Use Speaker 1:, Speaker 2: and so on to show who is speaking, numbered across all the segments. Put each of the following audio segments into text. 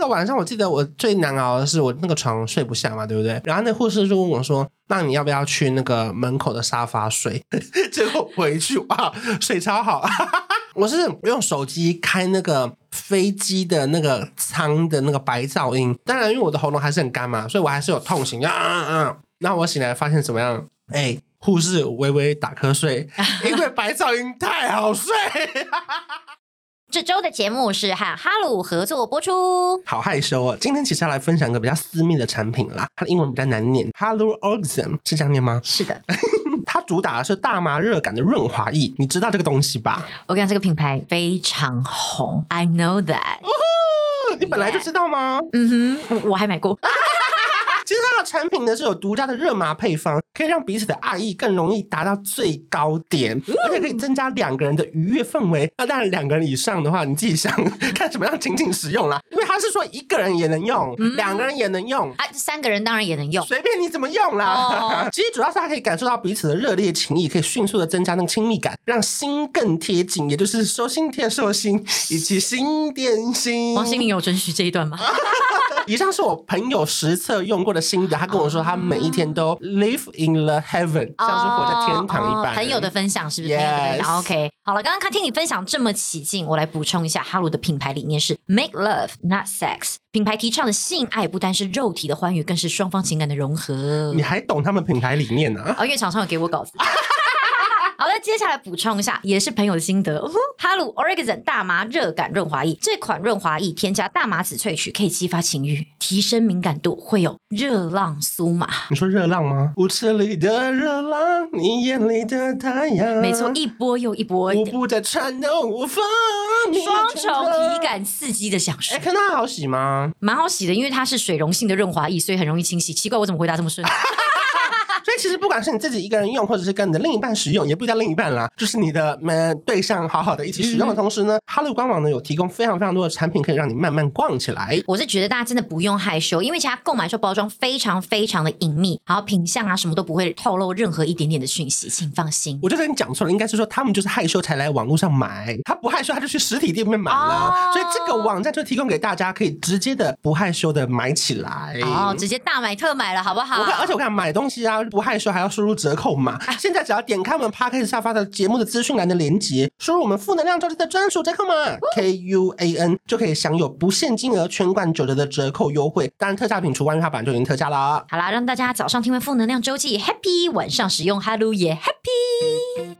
Speaker 1: 到、那個、晚上，我記得我最難熬的是我那個床睡不下嘛，對不對？然後那護士就問我說：“那你要不要去那個門口的沙發睡？”最後回去啊，睡超好。 我是用手機開那個飛機的那個艙的那個白噪音。當然，因為我的喉嚨還是很乾嘛，所以我還是有痛醒。啊啊啊！那我醒來發現怎麼樣？哎，護士微微打瞌睡，因為白噪音太好睡。
Speaker 2: 這周的節目是和 HARU 合作播出，
Speaker 1: 好害羞哦。今天其實要來分享一個比較私密的產品啦，它的英文比較難念，HARU ORGASM 是這樣念嗎？是的， 它主打的是大麻熱感的潤滑液，你知道這個東西吧？我跟你講，這個品牌
Speaker 2: 非常紅，I know that，、哦、
Speaker 1: 你本來就知道嗎？Yeah. 嗯哼我，我還買過。 其實它的產品呢是有獨家的熱麻配方，可以讓彼此的愛意更容易達到最高點，嗯、而且可以增加兩個人的愉悅氛圍。那當然兩個人以上的話，你自己想看怎麼樣情景使用啦，因為它是說一個人也能用、嗯，兩個人也能用，啊，三個人當然也能用，隨便你怎麼用啦。哦、其實主要是它可以感受到彼此的熱烈情意，可以迅速的增加那個親密感，讓心更貼近，也就是收心貼收心，以及心電心。王心凌有准許這一段嗎？ 以上是我朋友實測用過的。新的，他跟我說，他每一天都 live in the heaven，oh, 像是活在天堂一般。Oh, 朋友的分
Speaker 2: 享是不是對？o k 好了，剛剛看聽你分享這麼起勁，我來補充一下，哈羅的品牌理念是 make love not sex，品牌提倡的性愛不單是肉體的歡愉，更是雙方情感的融合。你還懂
Speaker 1: 他們品牌理念呢？
Speaker 2: 啊，為常常有給我稿子。 好，的，接下來補充一下，也是朋友的心得，哈魯 ORGASM 大麻熱感潤滑液，這款潤滑液添加大麻籽萃取，可以激發情慾，提升敏感度，會有熱浪酥麻。
Speaker 1: 你說熱浪嗎？屋子裡的熱浪，你眼裡的太陽。沒錯，一波又一波。我不再顫抖，無妨。雙重體感刺激的享受。哎、欸，看它好洗嗎？
Speaker 2: 蠻好洗的，因為它是水溶性的潤滑液，所以很容易清洗。奇怪，我怎麼回答這麼順？
Speaker 1: 所以其實不管是你自己一個人用，或者是跟你的另一半使用，也不叫另一半啦，就是你的對象好好的一起使用的同時呢，HARU、嗯、官網呢有提供非常非常多的產品，可以讓你慢慢逛起來。
Speaker 2: 我是覺得大家真的不用害羞，因為其他購買時候包裝非常非常的隱秘，然後品項
Speaker 1: 啊什麼都不會透露任何一點點的訊息，請放心。我覺得你講錯了，應該是說他們就是害羞才來網絡上買，他不害羞他就去實體店面買了。哦，所以這個網站就提供給大家可以直接的不害羞的買起來，哦，直
Speaker 2: 接大買特買了，好不好？而
Speaker 1: 且我看買東西啊。害羞還要輸入折扣碼、啊，現在只要點開我們 podcast 下發的節目的資訊欄的連接，輸入我們負能量週記的專屬折扣碼、哦、KUAN，就可以享有不限金額全館九折的折扣優惠。當然特價品除外，它本來就已經特價了。好啦，讓大家早上聽完負能量
Speaker 2: 週記 Happy，晚上使用 HARU 也 Happy。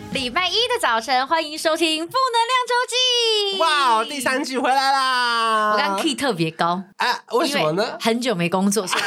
Speaker 2: 禮拜一的早晨，歡迎收聽《負能量周記》。哇，第三季回來啦！我剛 key 特別高，啊，為什麼呢？很久沒工作，嗓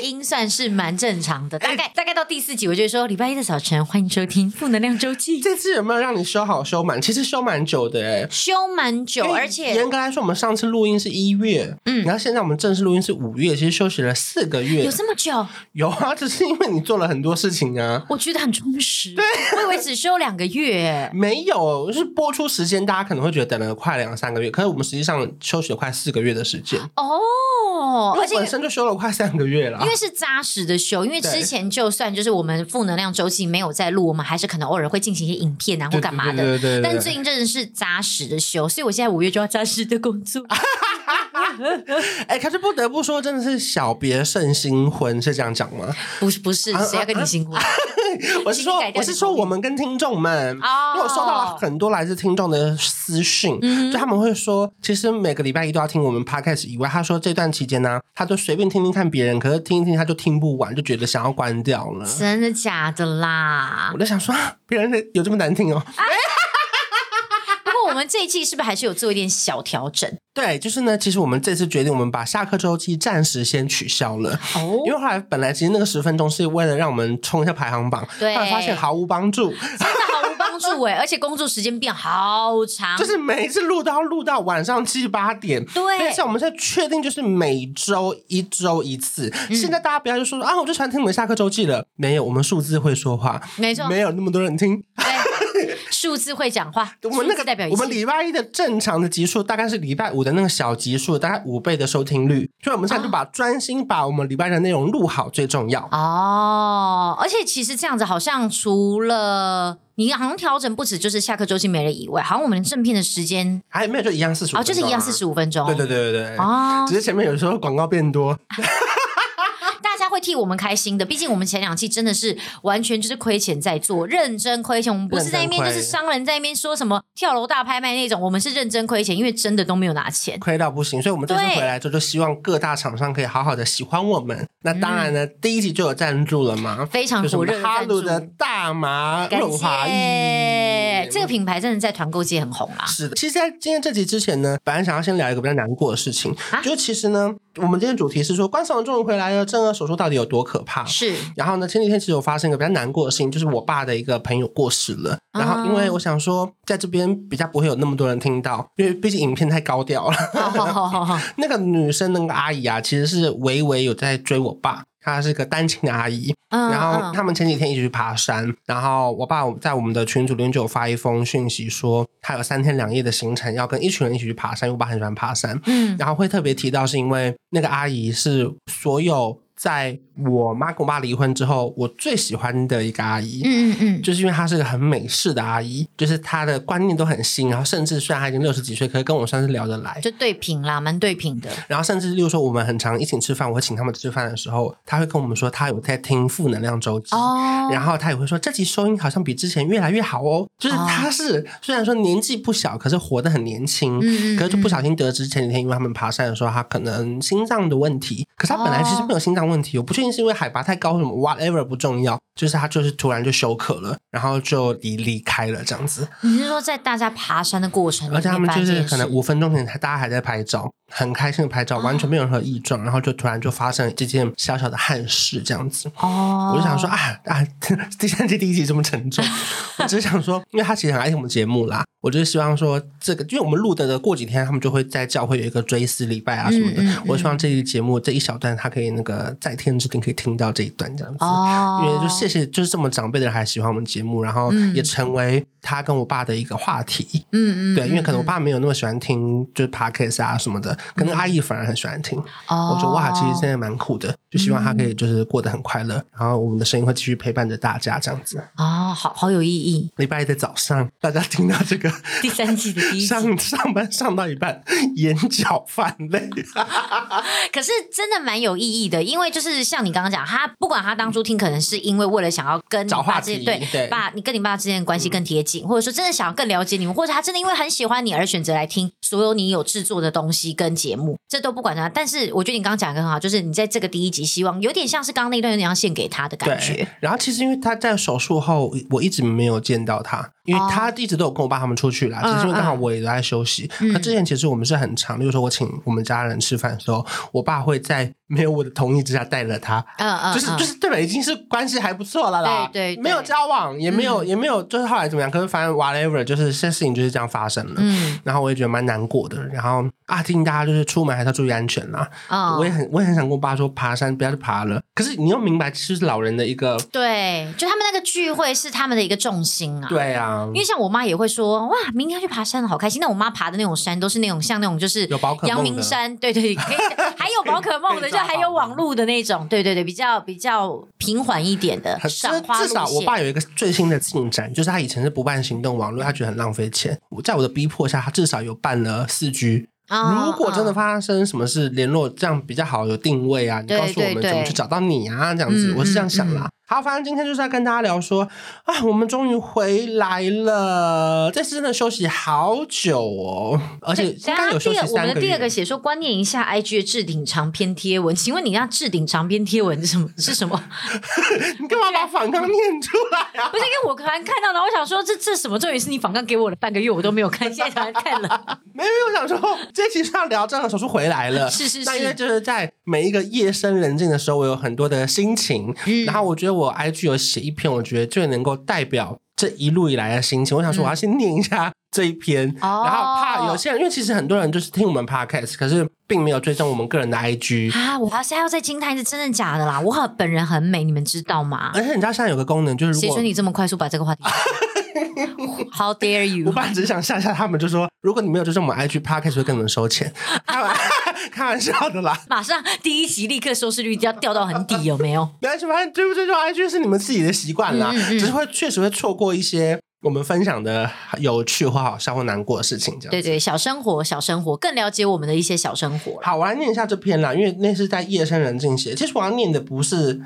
Speaker 2: 音算是蠻正常的。 大概大
Speaker 1: 概到第四集，我就說，禮拜一的早晨，歡迎收聽《負能量周記》。這次有沒有讓你修好修滿？其實修蠻久的哎、欸，
Speaker 2: 修蠻久，而且嚴
Speaker 1: 格來說，我們上次錄音是一月，嗯，然後現在我們正式錄音是五月，其實休息了四個月，有這麼久？有啊，只是因為你做了很多事情啊。我覺得很充實。對，我以為只休兩個月。月沒有，是播出時間，大家可能會覺得等了快兩三個月，可是我們實際上休息了快四個月的時間
Speaker 2: 哦，而且本身就休了
Speaker 1: 快三個月了，因為是
Speaker 2: 扎實的休，因為之前就算就是我們負能量週記沒有在錄，我們還是可能偶爾會進行一些影片然、啊、後幹嘛的對對對對對對對，但最近真的是扎實的休，所以我現在五月就要扎實的
Speaker 1: 工作。 哎，可是不得不說，真的是小別勝新婚，是這樣講嗎？不
Speaker 2: 是，不是，誰要跟你新婚，啊啊啊啊？我是說，我是說，
Speaker 1: 我們跟聽眾們，因為我收到了很多來自聽眾的私訊，就、哦、他們會說，其實每個禮拜一都要聽我們 podcast，以外。他說這段期間呢、啊，他就隨便聽聽看別人，可是聽一聽他就聽不完，就覺得想要關掉了。
Speaker 2: 真的假的啦？我在
Speaker 1: 想說，別人的有這麼難聽哦、喔？哎
Speaker 2: 我們這一季是不是還是有做一點小調整？
Speaker 1: 對，就是呢。其實我們這次決定，我們把下課週記暫時先取消了哦，oh? 因為後來本來其實那個十分鐘是為了讓我們衝一下排行榜，但發現毫無幫助，真的
Speaker 2: 毫無幫助哎！ 而且工作時間變好長，就是每一次
Speaker 1: 錄都要錄到晚上七八點。對，而且我們現在確定就是每周一周一次、嗯。現在大家不要就說，說啊，我就喜歡聽我們下課周記了。沒有，我們數字會說話，沒錯，沒有那麼多人聽。
Speaker 2: 數 字會講話，我們那個代表一我們禮
Speaker 1: 拜一的正常的集數大概是禮拜五的那個小集數大概五倍的收聽率，所以我們現在就把專、啊、心把我們禮拜一的內容錄好最重要。
Speaker 2: 哦，而且其實這樣子好像除了你好像調整不止就是下課週記沒了以外，好像我們正片的時間還沒有就
Speaker 1: 一樣四十五，就是一樣四十五分鐘。對對對對對，哦，只是前面有時候廣告變多。啊
Speaker 2: 替我們開心的，畢竟我們前兩期真的是完全就是虧錢在做，認真虧錢。我們不是在那邊就是商人，在那邊說什麼跳樓大拍賣那種，我們是認真虧錢，因為真的都沒有拿
Speaker 1: 錢，虧到不行。所以，我們這次回來做，就希望各大廠商可以好好的喜歡我們。那當然呢，嗯、第一集就有贊助了嘛，非常火。熱、就是。哈魯的大麻潤滑液，這個品
Speaker 2: 牌真的在團購界很紅啊。是
Speaker 1: 的，其實，在今天這集之前呢，本來想要先聊一個比較難過的事情，啊、就其實呢。我們今天主題是說，關韶文終於回來了，正頜手術到底有多可怕？是。然後呢，前幾天其實有發生一個比較難過的事情，就是我爸的一個朋友過世了。嗯、然後，因為我想說，在這邊比較不會有那麼多人聽到，因為畢竟影片太高調了。好好好。好好好 那個女生，那個阿姨啊，其實是微微有在追我爸。她是個單親的阿姨，哦，然後他們前幾天一起去爬山，哦、然後我爸在我們的群組裡，就有發一封訊息說，他有三天兩夜的行程要跟一群人一起去爬山，我爸很喜歡爬山，嗯、然後會特別提到是因為那個阿姨是所有，在我媽跟我爸離婚之後，我最喜歡的一個阿姨，嗯嗯，就是因為她是個很美式的阿姨，就是她的觀念都很新，然後甚至雖然她已經六十幾歲，可是跟我算是聊得來，
Speaker 2: 就對平啦，蠻對平的。
Speaker 1: 然後甚至例如說我們很常一起吃飯，我會請他們吃飯的時候，她會跟我們說她有在聽負能量週記、哦，然後她也會說這集收音好像比之前越來越好哦。就是她是雖然說年紀不小，可是活得很年輕、嗯，可是就不小心得知前幾天因為他們爬山的時候，她可能心臟的問題，可是她本來其實沒有心臟問題。哦問題，我不確定是因為海拔太高什麼 whatever 不重要，就是他就是突然就休克了，然後就離離開了這樣子。
Speaker 2: 你是說在大家爬山的過程？而且他們就是可能五
Speaker 1: 分鐘前大家還在拍照。嗯很開心的拍照，完全沒有任何異狀。哦，然後就突然就發生這件小小的憾事，這樣子。
Speaker 2: 哦，我就想說
Speaker 1: 啊啊，第三季第一集這麼沉重？ 我只想說，因為他其實很愛聽我們節目啦，我就是希望說這個，因為我們錄的過幾天，他們就會在教會有一個追思禮拜啊什麼的。嗯、我希望這一節目、嗯、這一小段，他可以那個在天之靈可以聽到這一段這樣子。哦，因為就謝謝，就是這麼長輩的人還喜歡我們節目，然後也成為他跟我爸的一個話題。嗯嗯，對、嗯，因為可能我爸沒有那麼喜歡聽，就是 Podcast 啊什麼的。可能阿姨反而很喜歡聽，mm. oh. 我覺得哇，其實真的蠻酷的，就希望他可以就是過得很快樂，mm. 然後我們的聲音會繼續陪伴着大家這樣子啊，oh, 好好有意義。禮拜一的早上，大家聽到這個第三季的第一，上上班上到一半，眼角泛淚，
Speaker 2: 可是真的蠻有意義的，因為就是像你剛剛講，他不管他當初聽，嗯、可能是因為為了想要跟你爸之，對，爸你跟你爸之間關係更貼近、嗯，或者說真的想要更了解你們，或者他真的因為很喜歡你而選擇來聽所有你有制作的東西跟節目，這都不管他。但是我覺得你剛剛講的很好，就是你在這個第一集，希望有點像是剛剛那段有點要獻給他的感覺。
Speaker 1: 然後其實因為他在手術後，我一直沒有見到他。因為他一直都有跟我爸他們出去啦，oh, 只是因為剛好我也都在休息。他、uh, uh, 之前其實我們是很常，比、嗯、如說我請我們家人吃飯的時候，我爸會在沒有我的同意之下帶着他。嗯、uh, 嗯、uh, 就是 uh, uh, 就是，就是就是對吧？已經是關係還不錯了啦。對，對對，沒有交往也沒有也沒有，嗯、沒有就是後來怎麼樣？可是反正 whatever，就是現在事情就是這樣發生了。嗯。然後我也覺得蠻難過的。然後啊，提醒大家就是出門還是要注意安全啦。啊、uh,。我也很我也很想跟我爸說，爬山不要去爬了。可是你又明白，就是老人的一個
Speaker 2: 對，就他們那個聚會是他們的一個重心啊。對啊。因為像我媽也會說，哇，明天要去爬山，好開心。但我媽爬的那種山，都是那種
Speaker 1: 像那種就是有寶可，陽明山。
Speaker 2: 對，對對，還有寶可夢的。 就還有網路的那種，對對對，比較比較平緩一點的賞花路線。至少我爸
Speaker 1: 有一個最新的進展，就是他以前是不辦行動網絡，他覺得很浪費錢。我在我的逼迫下，他至少有辦了四 G。哦，如果真的發生什麼事聯絡，這樣比較好，有定位啊，你告訴我們怎麼去找到你啊。對對對，這樣子，我是這樣想啦。嗯嗯嗯。好，反正今天就是要跟大家聊說啊，我們終於回來了，這次真的休息好久哦，而且大家有休息三個月。第二，我第二個
Speaker 2: 寫說，觀念一下 IG 的置頂長篇貼文，請問你要置頂長篇貼文什麼是什麼？是什麼 你幹嘛把訪綱念出來啊？不是因為我突然看到呢，我想說這這什麼終於是你訪綱給我的，半個月我都沒有看，現在才看了。
Speaker 1: 沒有，我想說這其實要聊的正顎手術回來了， 是是是，那就是在每一個夜深人靜的時候，我有很多的心情，嗯、然後我覺得我。我 IG 有寫一篇，我覺得最能夠代表，這一路以來的心情，我想說，我要先念一下這一篇，嗯、然後怕有些人，因為其實很多人就是聽我們 Podcast，可是並沒有追蹤我們個人的 IG 啊，
Speaker 2: 我還是要在驚嘆是真的假的啦。我好本人很美，你們知道嗎？
Speaker 1: 而且人家現在有個功能就是如果，誰准你
Speaker 2: 這麼快速把這個話
Speaker 1: 題 Simult ？How dare you！我爸只想嚇嚇他們，就說如果你沒有追蹤我們 IG Podcast，會跟你們收錢，開玩笑的啦。
Speaker 2: 馬上第一集立刻收視率就要掉到很低，有沒有？
Speaker 1: 沒什麼，追不追蹤 IG 是你們自己的習慣啦，只是會確實會錯過。做一些我們分享的有趣或好笑或難過的事情，這樣，對對，小生活，小生活更了解我們的一些小生活。好，我來念一下這篇啦，因為那是在夜深人靜寫。其實我要念的不是，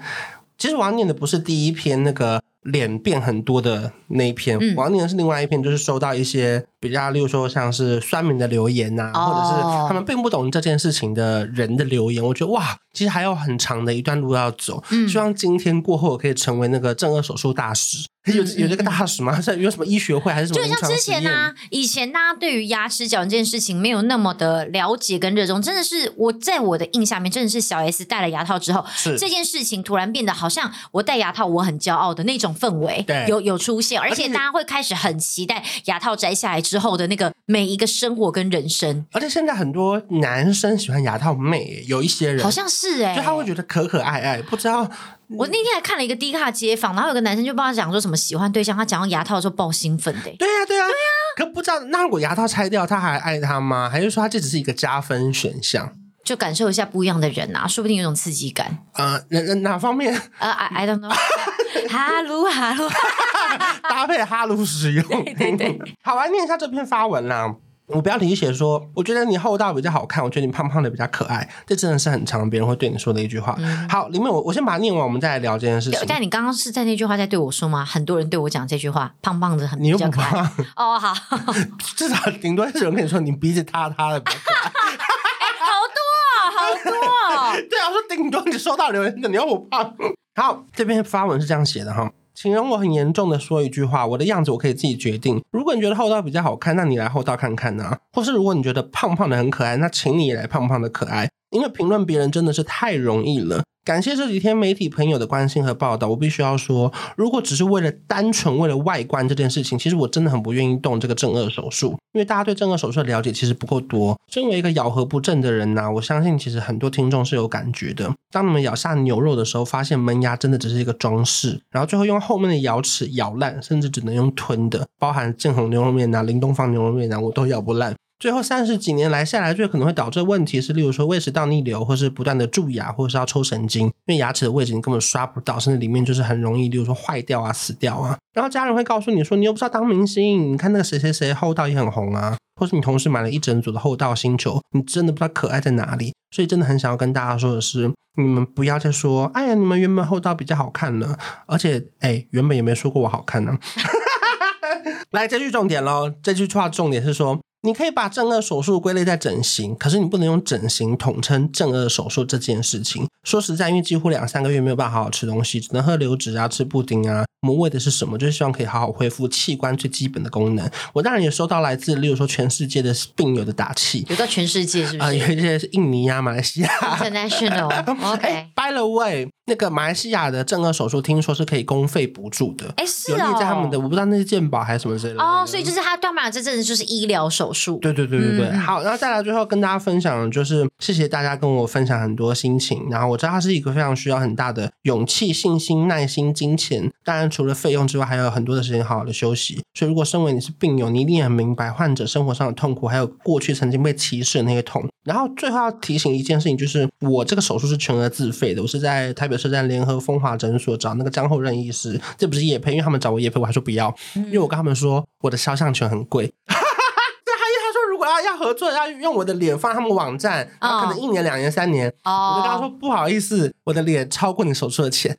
Speaker 1: 其實我要念的不是第一篇那個臉變很多的那一篇，我要念的是另外一篇，就是收到一些。比較，例如說像是酸民的留言吶、啊，oh. 或者是他們並不懂這件事情的人的留言，我覺得哇，其實還有很長的一段路要走。嗯、希望今天過後我可以成為那個正顎手術大使、嗯欸，有有這個大使嗎？是有什麼醫學會還是什麼？就像之前呢、啊、
Speaker 2: 以前大、啊、家對於牙齒矯正這件事情沒有那麼的了解跟熱衷。真的是我在我的印象裡，真的是小 S 戴了牙套之後，這件事情突然變得好像我戴牙套我很驕傲的那種氛圍對，有有出現，而且大家會開始很期待牙套摘下來之。之後的那個每一個生活跟人
Speaker 1: 生，而且現在很多男生喜歡牙套妹、欸，有一些人好像是哎、欸，就他會覺得可可愛愛。不知道我那天還看了一個 D 卡街
Speaker 2: 訪，然後有個男生就
Speaker 1: 幫他講說什麼喜歡對象，
Speaker 2: 他講到牙套的時候爆興奮的、
Speaker 1: 欸。對呀、啊、對呀、啊、呀、啊，可不知道那如果牙套拆掉，他還愛他嗎？還是說他這只是一個加分選項？就感受一下不一樣的人吶、啊，說不定有種刺激感。呃，哪哪哪方面？呃、uh，I don't know。HARU HARU，搭配 HARU 使用。對對對，好、啊，我念一下這篇發文啦、啊。我不要理解說，我覺得你戽斗比較好看，我覺得你胖胖的比較可愛。這真的是很常別人會對你說的一句話。嗯、好，裡面我我先把它念完，我們再來聊這件事情。
Speaker 2: 但你剛剛是在那句話在對我說嗎？很多人對我講這句
Speaker 1: 話，胖胖的很，你又胖。哦，好。 至少頂多是有人跟你說你鼻子塌塌的比較可愛。 好多啊、哦， 對啊，我說頂多你收到留言的你要我胖。 好，這篇發文是這樣寫的哈、哦，請容我很嚴重的說一句話，我的樣子我可以自己決定。如果你覺得戽斗比較好看，那你來戽斗看看吶。或是如果你覺得胖胖的很可愛，那請你也來胖胖的可愛。因為評論別人真的是太容易了。感謝這幾天媒體朋友的關心和報道。我必須要說，如果只是為了單純為了外觀這件事情，其實我真的很不願意動這個正顎手術。因為大家對正顎手術的了解其實不夠多。身為一個咬合不正的人呢、啊，我相信其實很多聽眾是有感覺的。當你們咬下牛肉的時候，發現門牙真的只是一個裝飾，然後最後用後面的牙齒咬爛，甚至只能用吞的，包含正紅牛肉麵啊、林東方牛肉麵啊，我都咬不爛。最後三十幾年來下來，最可能會導致的問題是，例如說胃食道逆流，或是不斷的蛀牙，或者是要抽神經，因為牙齒的位置你根本刷不到，甚至裡面就是很容易，例如說壞掉啊、死掉啊。然後家人會告訴你說，你又不知道當明星，你看那個誰誰誰厚道也很紅啊，或是你同事買了一整組的厚道星球，你真的不知道可愛在哪裡。所以真的很想要跟大家說的是，你們不要再說，哎呀，你們原本厚道比較好看呢，而且哎，原本也沒說過我好看呢、啊。 來，這句重點嘍，這句話重點是說。你可以把正顎手術歸類在整形，可是你不能用整形統稱正顎手術這件事情。說實在，因為幾乎兩三個月沒有辦法好好吃東西，只能喝流質啊、吃布丁啊。我們為的是什麼？就是希望可以好好恢復器官最基本的功能。我當然也收到來自，例如說全世界的病友的打氣，
Speaker 2: 有到全世界是不是？啊、呃，有些
Speaker 1: 是印尼啊、馬來西亞。International、哦、 OK、欸。By the way。那個馬來西亞的正頜手術聽說是可以公費補助的，哎，是啊，哦，有列在他們的，我不知道那是健保還是什麼之類
Speaker 2: 的。哦，所以就是他斷碼了這陣子就是醫療手術。對對對對對，對，嗯。
Speaker 1: 好，那再來最後跟大家分享的就是，謝謝大家跟我分享很多心情。然後我知道他是一個非常需要很大的勇氣、信心、耐心、金錢，當然除了費用之外，還有很多的時間好好的休息。所以如果身為你是病友，你一定很明白患者生活上的痛苦，還有過去曾經被歧視的那些痛。然後最後要提醒一件事情，就是我這個手術是全額自費的。我是在台北車站聯合風華診所找那個張厚任醫師，這不是業配，因為他們找我業配，我還說不要，因為我跟他們說我的肖像權很貴。哈哈哈。對，他因為他說如果要要合作，要用我的臉放他們網站，然後可能一年、兩年、三年，oh. Oh. 我就跟他說不好意思，我的臉超過你手術的錢。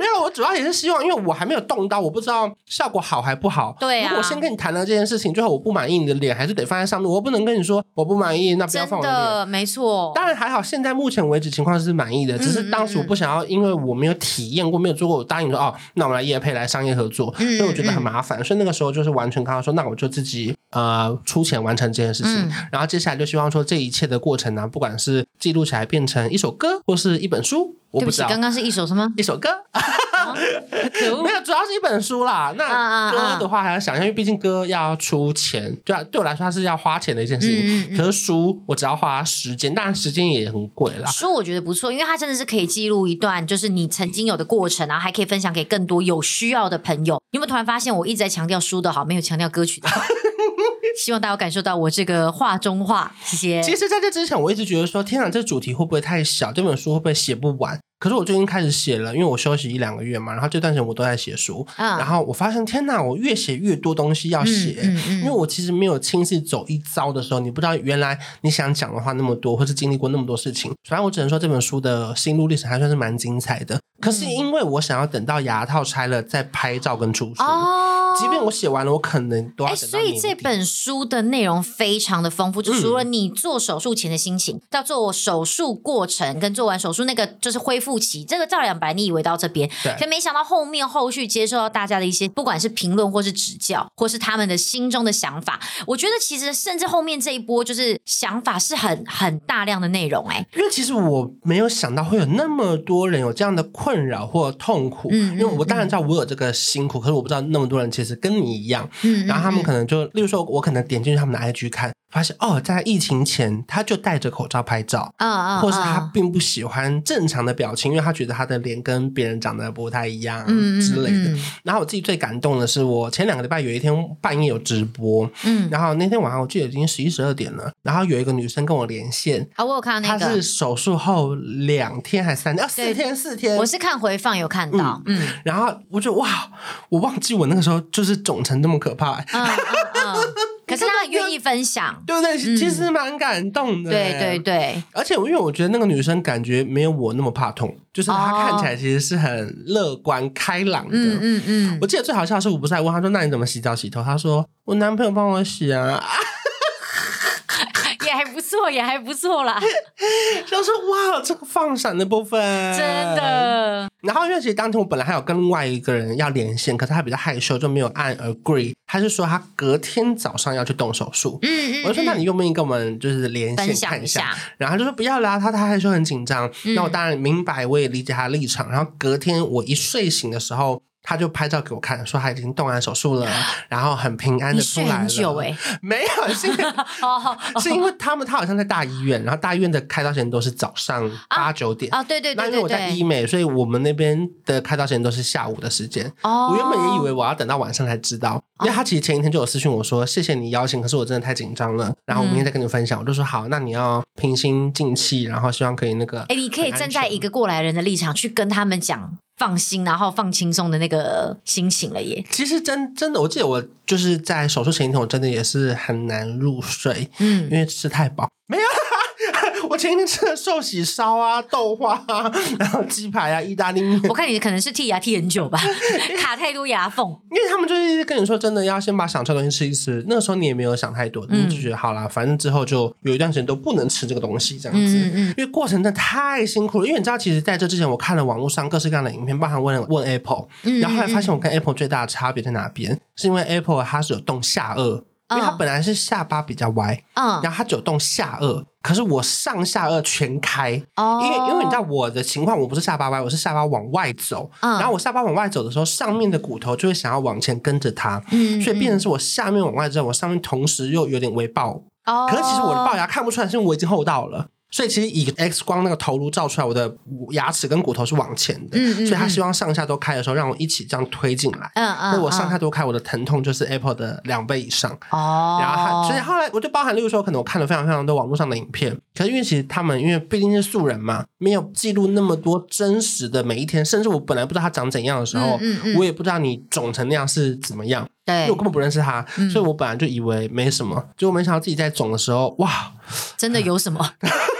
Speaker 1: 沒有，我主要也是希望，因為我還沒有動刀，我不知道效果好還不好。對、啊，如果我先跟你談了這件事情，最後我不滿意，你的臉還是得放在上面，我不能跟你說我不滿意，那不要放我的臉。真的，沒錯。當然還好，現在目前為止情況是滿意的，嗯嗯，只是當時我不想要，因為我沒有體驗過，沒有做過，我答應說哦，那我們來業配來商業合作，所以我覺得很麻煩，嗯嗯，所以那個時候就是完全靠說，那我就自己呃出錢完成這件事情，嗯，然後接下來就希望說這一切的過程呢、啊，不管是。記錄起來變成一首歌或是一本書，我不知道。剛剛是一首什麼？一首歌？ 哦、 沒有，主要是一本書啦。啊啊啊啊那歌的話還要想象，因為畢竟歌要出錢，對啊，對我來說它是要花錢的一件事情。嗯、可是書我只要花時間，當然時間也很貴啦。書
Speaker 2: 我覺得不錯，因為它真的是可以記錄一段，就是你曾經有的過程，然後還可以分享給更多有需要的朋友。你有沒有突然發現我一直在強調書的好，沒有強調歌曲的好？ 希望大家感受到我這個畫中畫，謝謝。其實
Speaker 1: 在這之前，我一直覺得說，天哪，這主題會不會太小？這本書會不會寫不完？可是我最近開始寫了，因為我休息一兩個月嘛，然後這段時間我都在寫書，嗯、然後我發現，天哪，我越寫越多東西要寫，嗯嗯嗯，因為我其實沒有親自走一遭的時候，你不知道原來你想講的話那麼多，或是經歷過那麼多事情。反正我只能說，這本書的心路歷程還算是蠻精彩的。可是因為我想要等到牙套拆了，嗯，再拍照跟出書，哦，即便我寫完了，我可能都要寫。所以這
Speaker 2: 本書。書的內容非常的豐富，就除了你做手術前的心情，嗯、到做手術過程，跟做完手術那個就是恢復期，這個照兩百，你以為到這邊，可沒想到後面後續接受到大家的一些，不管是評論或是指教，或是他們的心中的想法，我覺得其實甚至後面這一波就是想法是很很大量的內容哎、欸，
Speaker 1: 因為其實我沒有想到會有那麼多人有這樣的困擾或痛苦，嗯，因為我當然知道我有這個辛苦，嗯、可是我不知道那麼多人其實跟你一樣，嗯、然後他們可能就例如說我可。可能點進去他們的 IG 看，發現哦，在疫情前他就戴着口罩拍照，
Speaker 2: 啊、哦、啊，或是他
Speaker 1: 並不喜歡正常的表情、哦，因為他覺得他的臉跟別人長得不太一樣，嗯、之類的、嗯。然後我自己最感動的是，我前兩個禮拜有一天半夜有直播，嗯，然後那天晚上我記得已經十一十二點了，然後有一個女生跟我連線
Speaker 2: 啊、哦，我有看到那個，是
Speaker 1: 手術後兩天還是三天，啊、哦、四天
Speaker 2: 四天，我是看回放有看到嗯，
Speaker 1: 嗯，然後我就哇，我忘記我那個時候就是腫成這麼可怕，哈、嗯、哈。嗯
Speaker 2: 可是她、那個、那個、願意分享，對不
Speaker 1: 對？嗯、其實蠻感動的，對對對。而且，因為我覺得那個女生感覺沒有我那麼怕痛，就是她看起來其實是很樂觀、哦、開朗的。嗯嗯,嗯我記得最好笑的是，我不是還問她說：“那你怎麼洗澡、洗頭？”她說：“我男朋友幫我洗啊。啊”做也還不錯啦， 就是哇，這個放閃的部分真的。然後因為其實當天我本來還有跟另外一個人要連線，可是他比較害羞，就沒有按 agree。他是說他隔天早上要去動手術，嗯嗯，我就說，那你願不願意跟我們就是連線看一下？一下，然後他就說不要啦，他，他害羞很緊張。那、嗯、我當然明白，我也理解他的立場。然後隔天我一睡醒的時候。他就拍照給我看，說他已經動完手術了，然後很平安的出來了。欸、沒有，是因為， oh, oh, oh. 是因為他們他好像在大醫院，然後大醫院的開刀時間都是早上八九、oh, 點哦對對
Speaker 2: 對，oh, 那因為我在醫
Speaker 1: 美，oh. 所以我們那邊的開刀時間都是下午的時間。哦、oh. 我原本也以為我要等到晚上才知道，oh. 因為他其實前一天就有私訊我說、oh. 謝謝你邀請，可是我真的太緊張了。然後我明天再跟你分享、嗯，我就說好，那你要平心靜氣，然後希望可以那個。哎、欸，你可以站在
Speaker 2: 一個過來人的立場去跟他們講。放心，然後放輕鬆的那個心情了耶。
Speaker 1: 其實真真的，我記得我就是在手術前一天，我真的也是很難入睡，嗯，因為吃太飽。沒有。前天吃壽喜燒啊，豆花啊，
Speaker 2: 然後雞排啊，意大利。 我看你可能是剔牙剔很久吧， 卡太多牙縫。
Speaker 1: 因為他們就一直跟你說真的，要先把想吃東西吃一吃。那個時候你也沒有想太多，你就覺得好啦、嗯，反正之後就有一段時間都不能吃這個東西，這樣子嗯嗯嗯。因為過程真的太辛苦了。因為你知道，其實在這之前，我看了網絡上各式各樣的影片，包含問了問 Apple，嗯嗯嗯然後後來發現我跟 Apple 最大的差別在哪邊？是因為 Apple 它是有動下顎，因為它本來是下巴比較歪，哦、然後它只有動下顎。可是我上下顎全開，哦、oh.，因為因為你知道我的情況，我不是下巴歪，我是下巴往外走，uh. 然後我下巴往外走的時候，上面的骨頭就會想要往前跟着它，嗯、mm -hmm.，所以變成是我下面往外走，我上面同時又有點微暴，哦、oh.，可是其實我的齙牙看不出來，是因為我已經厚到了。所以其實以 X 光那個頭顱照出來，我的牙齒跟骨頭是往前的，所以他希望上下都開的時候讓我一起這樣推進來。嗯嗯，那我上下都開，我的疼痛就是 Apple 的兩倍以上。哦，然
Speaker 2: 後所以
Speaker 1: 後來我就包含，例如說可能我看了非常非常多網絡上的影片，可是因為其實他們因為畢竟是素人嘛，沒有記錄那麼多真實的每一天，甚至我本來不知道他長怎樣的時候，我也不知道你腫成那樣是怎麼樣，對，因為我根本不認識他，所以我本來就以為沒什麼，結果沒想到自己在腫的時候，哇，真的有什麼？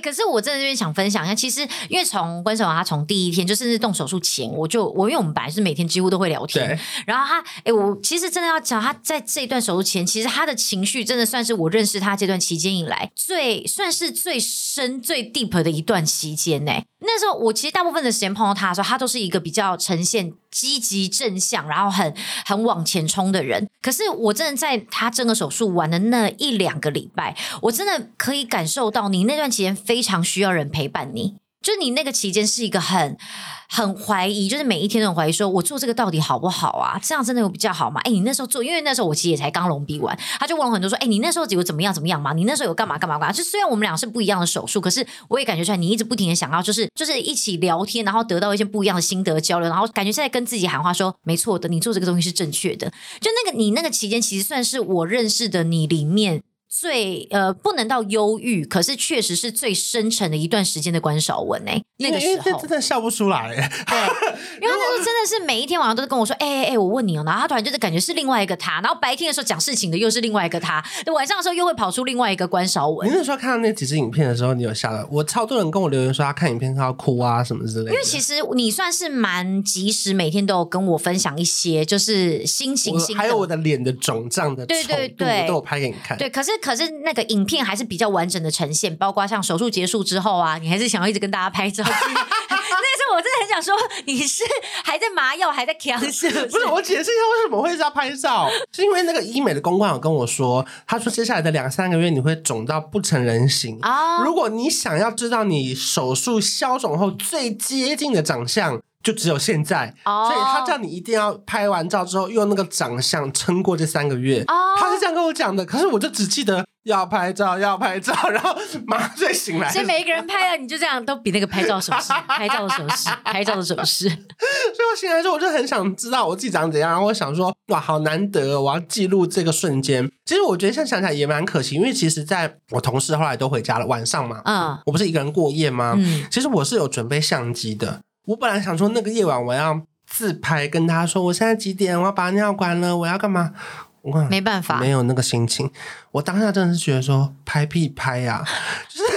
Speaker 2: 可是我真的在這邊想分享一下，其實因為從關韶文，他從第一天就是、甚至動手術前，我就我因為我們本來是每天幾乎都會聊天，然後他誒、欸，我其實真的要講他在這一段手術前，其實他的情緒真的算是我認識他這段期間以來最算是最深最 deep 的一段期間呢、欸。那時候我其實大部分的時間碰到他的時候，他都是一個比較呈現積極正向，然後很很往前衝的人。可是我真的在他整個手術完的那一兩個禮拜，我真的可以感受到你那段期間非常需要人陪伴你。就你那個期間是一個很很懷疑，就是每一天都很懷疑說，說我做這個到底好不好啊？這樣真的有比較好嗎？哎，你那時候做，因為那時候我其實也才剛隆鼻完，他就問了很多說，哎，你那時候有怎麼樣怎麼樣嘛？你那時候有幹嘛幹嘛幹嘛？就雖然我們倆是不一樣的手術，可是我也感覺出來，你一直不停的想要，就是就是一起聊天，然後得到一些不一樣的心得交流，然後感覺現在跟自己喊話說，沒錯的，你做這個東西是正確的。就那個你那個期間，其實算是我認識的你裡面。最呃不能到憂鬱，可是確實是最深沉的一段時間的關韶
Speaker 1: 文哎、欸，那個時候真的笑不出來。對，
Speaker 2: 因為他那時候真的是每一天晚上都在跟我說，哎哎哎，我問你哦、喔，然後他突然就是感覺是另外一個他，然後白天的時候講事情的又是另外一個他，晚上的時候又會跑出另外一個關韶
Speaker 1: 文。你那時候看到那幾支影片的時候，你有嚇到，我超多人跟我留言說他看影片看到哭啊什麼之類的。因為其
Speaker 2: 實你算是蠻及時，每天都有跟我分享一些就是心情心，還有我
Speaker 1: 的臉的腫脹的對，對，對，對。對。都有拍給你看。對，
Speaker 2: 可是。可是那個影片還是比較完整的呈現，包括像手術結束之後啊，你還是想要一直跟大家拍照。 那時候我真的很想說，你是還在麻藥還在強笑？不是，我解
Speaker 1: 釋一下為什麼會是要拍照， 是因為那個醫美的公關有跟我說，他說接下來的兩三個月你會腫到不成人形，oh, 如果你想要知道你手術消腫後最接近的長相。就只有現在，oh. 所以他叫你一定要拍完照之後用那個長相撐過這三個月。Oh. 他是這樣跟我講的，可是我就只記得要拍照，要拍照，然後馬上睡醒來。 所以每
Speaker 2: 一個人拍了，你就這樣都比那個拍照手勢、 拍照的手
Speaker 1: 勢、拍照的手勢。 所以我醒來之後，我就很想知道我自己長怎樣。然後我想說，哇，好難得，我要記錄這個瞬間。其實我覺得，現在想起來也蠻可惜，因為其實在我同事後來都回家了，晚上嘛，嗯、oh.，我不是一個人過夜嗎？嗯，其實我是有準備相機的。我本來想說，那個夜晚我要自拍，跟他說我現在幾點，我要把尿關了，我要幹嘛？我沒辦法，沒有那個心情。我當下真的是覺得說拍屁拍呀、啊，就 是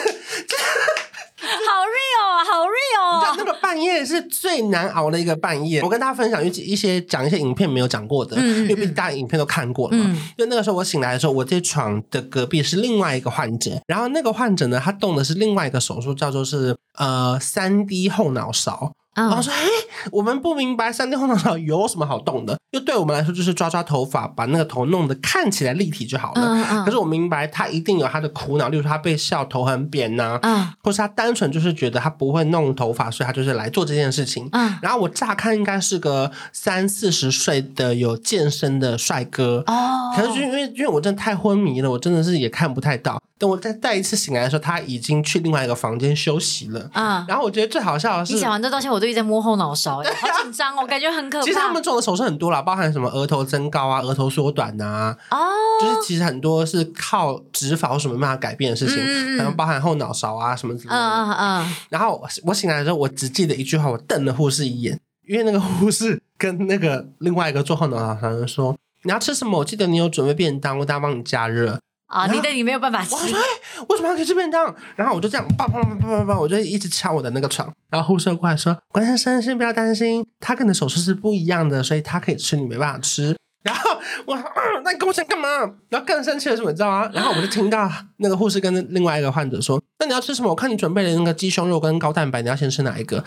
Speaker 1: 好 real，好 real。你知道那個半夜是最難熬的一個半夜。我跟大家分享一一些講一些影片沒有講過的，嗯、因為畢竟大家影片都看過了嘛、嗯。就那個時候我醒來的時候，我在床的隔壁是另外一個患者，然後那個患者呢，他動的是另外一個手術，叫做是呃三 D 後腦勺。我、uh, 說：“嘿，我們不明白三天後腦勺有什麼好動的，又對我們來說就是抓抓頭髮，把那個頭弄得看起來立體就好了。Uh, uh, 可是我明白他一定有他的苦惱，例如說他被笑頭很扁吶、啊，uh, 或是他單純就是覺得他不會弄頭髮，所以他就是來做這件事情。Uh, 然後我乍看應該是個三四十歲的有健身的帥哥哦，uh, uh, 可是因為因為我真的太昏迷了，我真的是也看不太到。等我再再一次醒來的時候，他已經去另外一個房間休息了。嗯、uh,，然後我覺得最好笑的是，你講完這東西我。”所以在摸後腦勺，
Speaker 2: 好緊張哦，我感覺很可怕。其實他們
Speaker 1: 做的手術很多啦，包含什麼額頭增高啊、額頭縮短吶、啊，哦、oh.，就是其實很多是靠植髮或什麼辦法改變的事情，然、mm. 後包含後腦勺啊什麼之類嗯嗯嗯。Uh, uh, uh. 然後我醒來的時候，我只記得一句話，我瞪了護士一眼，因為那個護士跟那個另外一個做後腦勺的人說：“你要吃什麼？我記得你有準備便當，我待會幫你加熱。”啊、哦！你對你沒有辦法吃。我說：哎，為什麼還可以吃便當？然後我就這樣叭叭叭叭叭，我就一直敲我的那個床。然後護士又過來說：“關先生，先不要擔心，他跟你的手術是不一樣的，所以他可以吃，你沒辦法吃。”然後我，說、嗯，那你跟我想幹嘛？然後更生氣的是，什麼你知道嗎、啊？然後我就聽到那個護士跟另外一個患者說。那你要吃什麼？我看你準備的那個雞胸肉跟高蛋白，你要先吃哪一個？喂、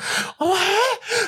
Speaker 1: 哦欸，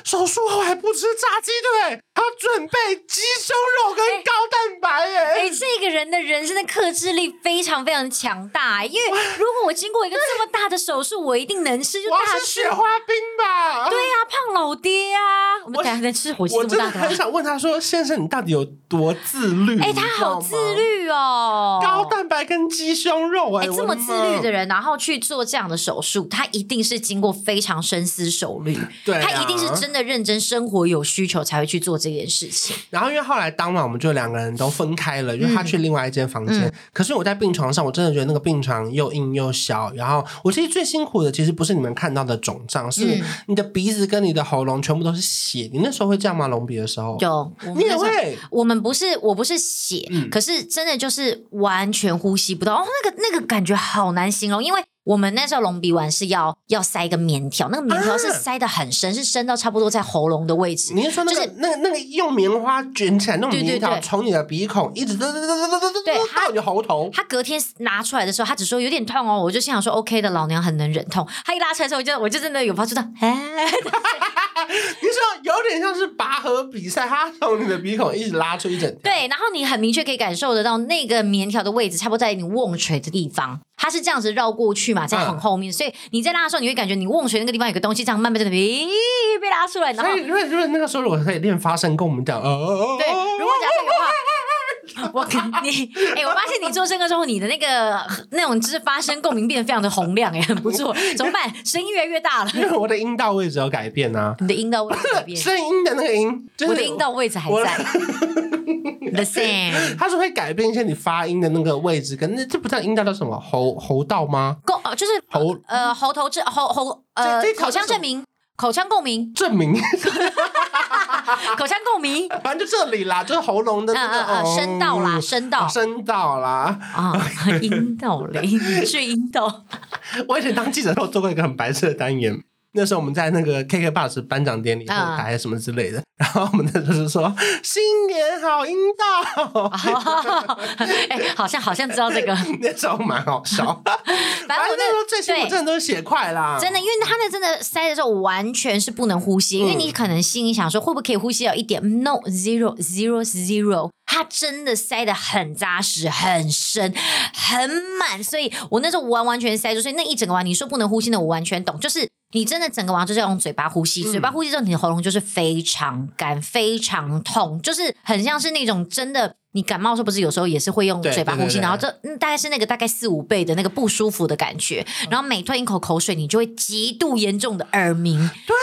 Speaker 1: 手術後還不吃炸雞對不對？他準
Speaker 2: 備雞胸肉跟高蛋白哎、欸。哎、欸欸，這個人的人生的克制力非常非常強大、欸。因為如果我經過一個這麼大的手術，我一定能吃就大。我是雪花冰吧？對呀、啊，胖老爹啊！我等一下再吃火雞。我真的很想
Speaker 1: 問他說：“先生，你到底有多自律？”哎、欸，他好自
Speaker 2: 律哦。高蛋白跟雞胸肉、欸，哎、欸，這麼自律的人，的然後去做。做這樣的手術，他一定是經過非常深思熟慮，對、啊，他一定是真
Speaker 1: 的認真生活有需求才會去做這件事情。然後因為後來當晚我們就兩個人都分開了，嗯、就他去另外一間房間、嗯，可是我在病床上，我真的覺得那個病床又硬又小。然後我其實最辛苦的，其實不是你們看到的腫脹、嗯，是你的鼻子跟你的喉嚨全部都是血。你那時候會這樣嗎？隆鼻的時候有對，你也會。
Speaker 2: 我們不是，我不是血，嗯、可是真的就是完全呼吸不到哦，那個那個感覺好難形容，因為。我們那時候隆鼻完是要要塞一個棉條，那
Speaker 1: 個棉條是塞得很深、嗯，是深到差不多在喉嚨的位置。你說、那個就是說，那是、個、那個、那個用棉花卷起來那種棉條，從你的鼻孔一直噔噔噔噔噔噔噔到你的喉頭他。他隔天
Speaker 2: 拿出來的時候，他只說有點痛哦，我就心想說，OK 的老娘很能忍痛。他一拉出來的時候，我就我就在那有
Speaker 1: 發出的，哎， 你說有點像是拔河比賽，他從你的鼻孔一直拉出一整條。
Speaker 2: 對，然後你很明確可以感受得到那個棉條的位置，差不多在你雍垂的地方。它是這樣子繞過去嘛，在很後面。嗯，所以你在拉的時候，你會感覺你忘水那個地方有個東西，這樣慢慢在那邊咦，被拉出來。然後
Speaker 1: 所以，因為因為那個時候如果可以練發聲，跟我們講。哦哦
Speaker 2: 哦哦哦對，哦哦哦哦如果假設的話。哦哦哦哦哦哎哎 我你哎、欸，我發現你做這個之後，你的那個那種就是發聲共鳴變得非常的洪亮，哎，很不錯。怎麼辦？聲音越來越大了。因為我
Speaker 1: 的陰道位置有改變呢、啊。你的陰道
Speaker 2: 位置改變？ 聲音的那個音，就是、我的陰道位置還在。
Speaker 1: The same。他說會改變一些你發音的那個位置，跟那這不叫陰道叫什麼喉喉道嗎？哦，就是喉
Speaker 2: 呃喉頭這喉喉呃，口腔證明。口腔共鳴，證明。 口腔共鳴，反正就
Speaker 1: 這裡啦，就是喉嚨的那、這個聲、嗯嗯嗯、道啦，聲道，聲道啦，啊、哦，陰道嘞， 是陰道。我以前當記者的時候做過一個很白色的單元。那時候我們在那個 KKBOX 頒獎典禮後台什麼之類的、嗯，然後我們那時候就說
Speaker 2: 新年好道，迎、哦、到。哎、 哦哦欸，好像好像知道這個， 那
Speaker 1: 時候蠻好笑。
Speaker 2: 反正我那時候 最起碼我真的都血
Speaker 1: 塊啦。真
Speaker 2: 的，因為他那真的塞的時候，完全是不能呼吸、嗯，因為你可能心裡想說會不會可以呼吸有一點？No zero zero zero，他真的塞得很扎實、很深、很滿，所以我那時候完完全塞住，所以那一整個完你說不能呼吸的，我完全懂，就是。你真的整個晚上就是要用嘴巴呼吸，嘴巴呼吸之後，你的喉嚨就是非常乾、嗯、非常痛，就是很像是那種真的你感冒的時候，不是有時候也是會用嘴巴呼吸，對對對對，然後這大概是那個大概四五倍的那個不舒服的感覺。嗯、然後每吞一口口水，你就會極度嚴重的
Speaker 1: 耳鳴。
Speaker 2: 對，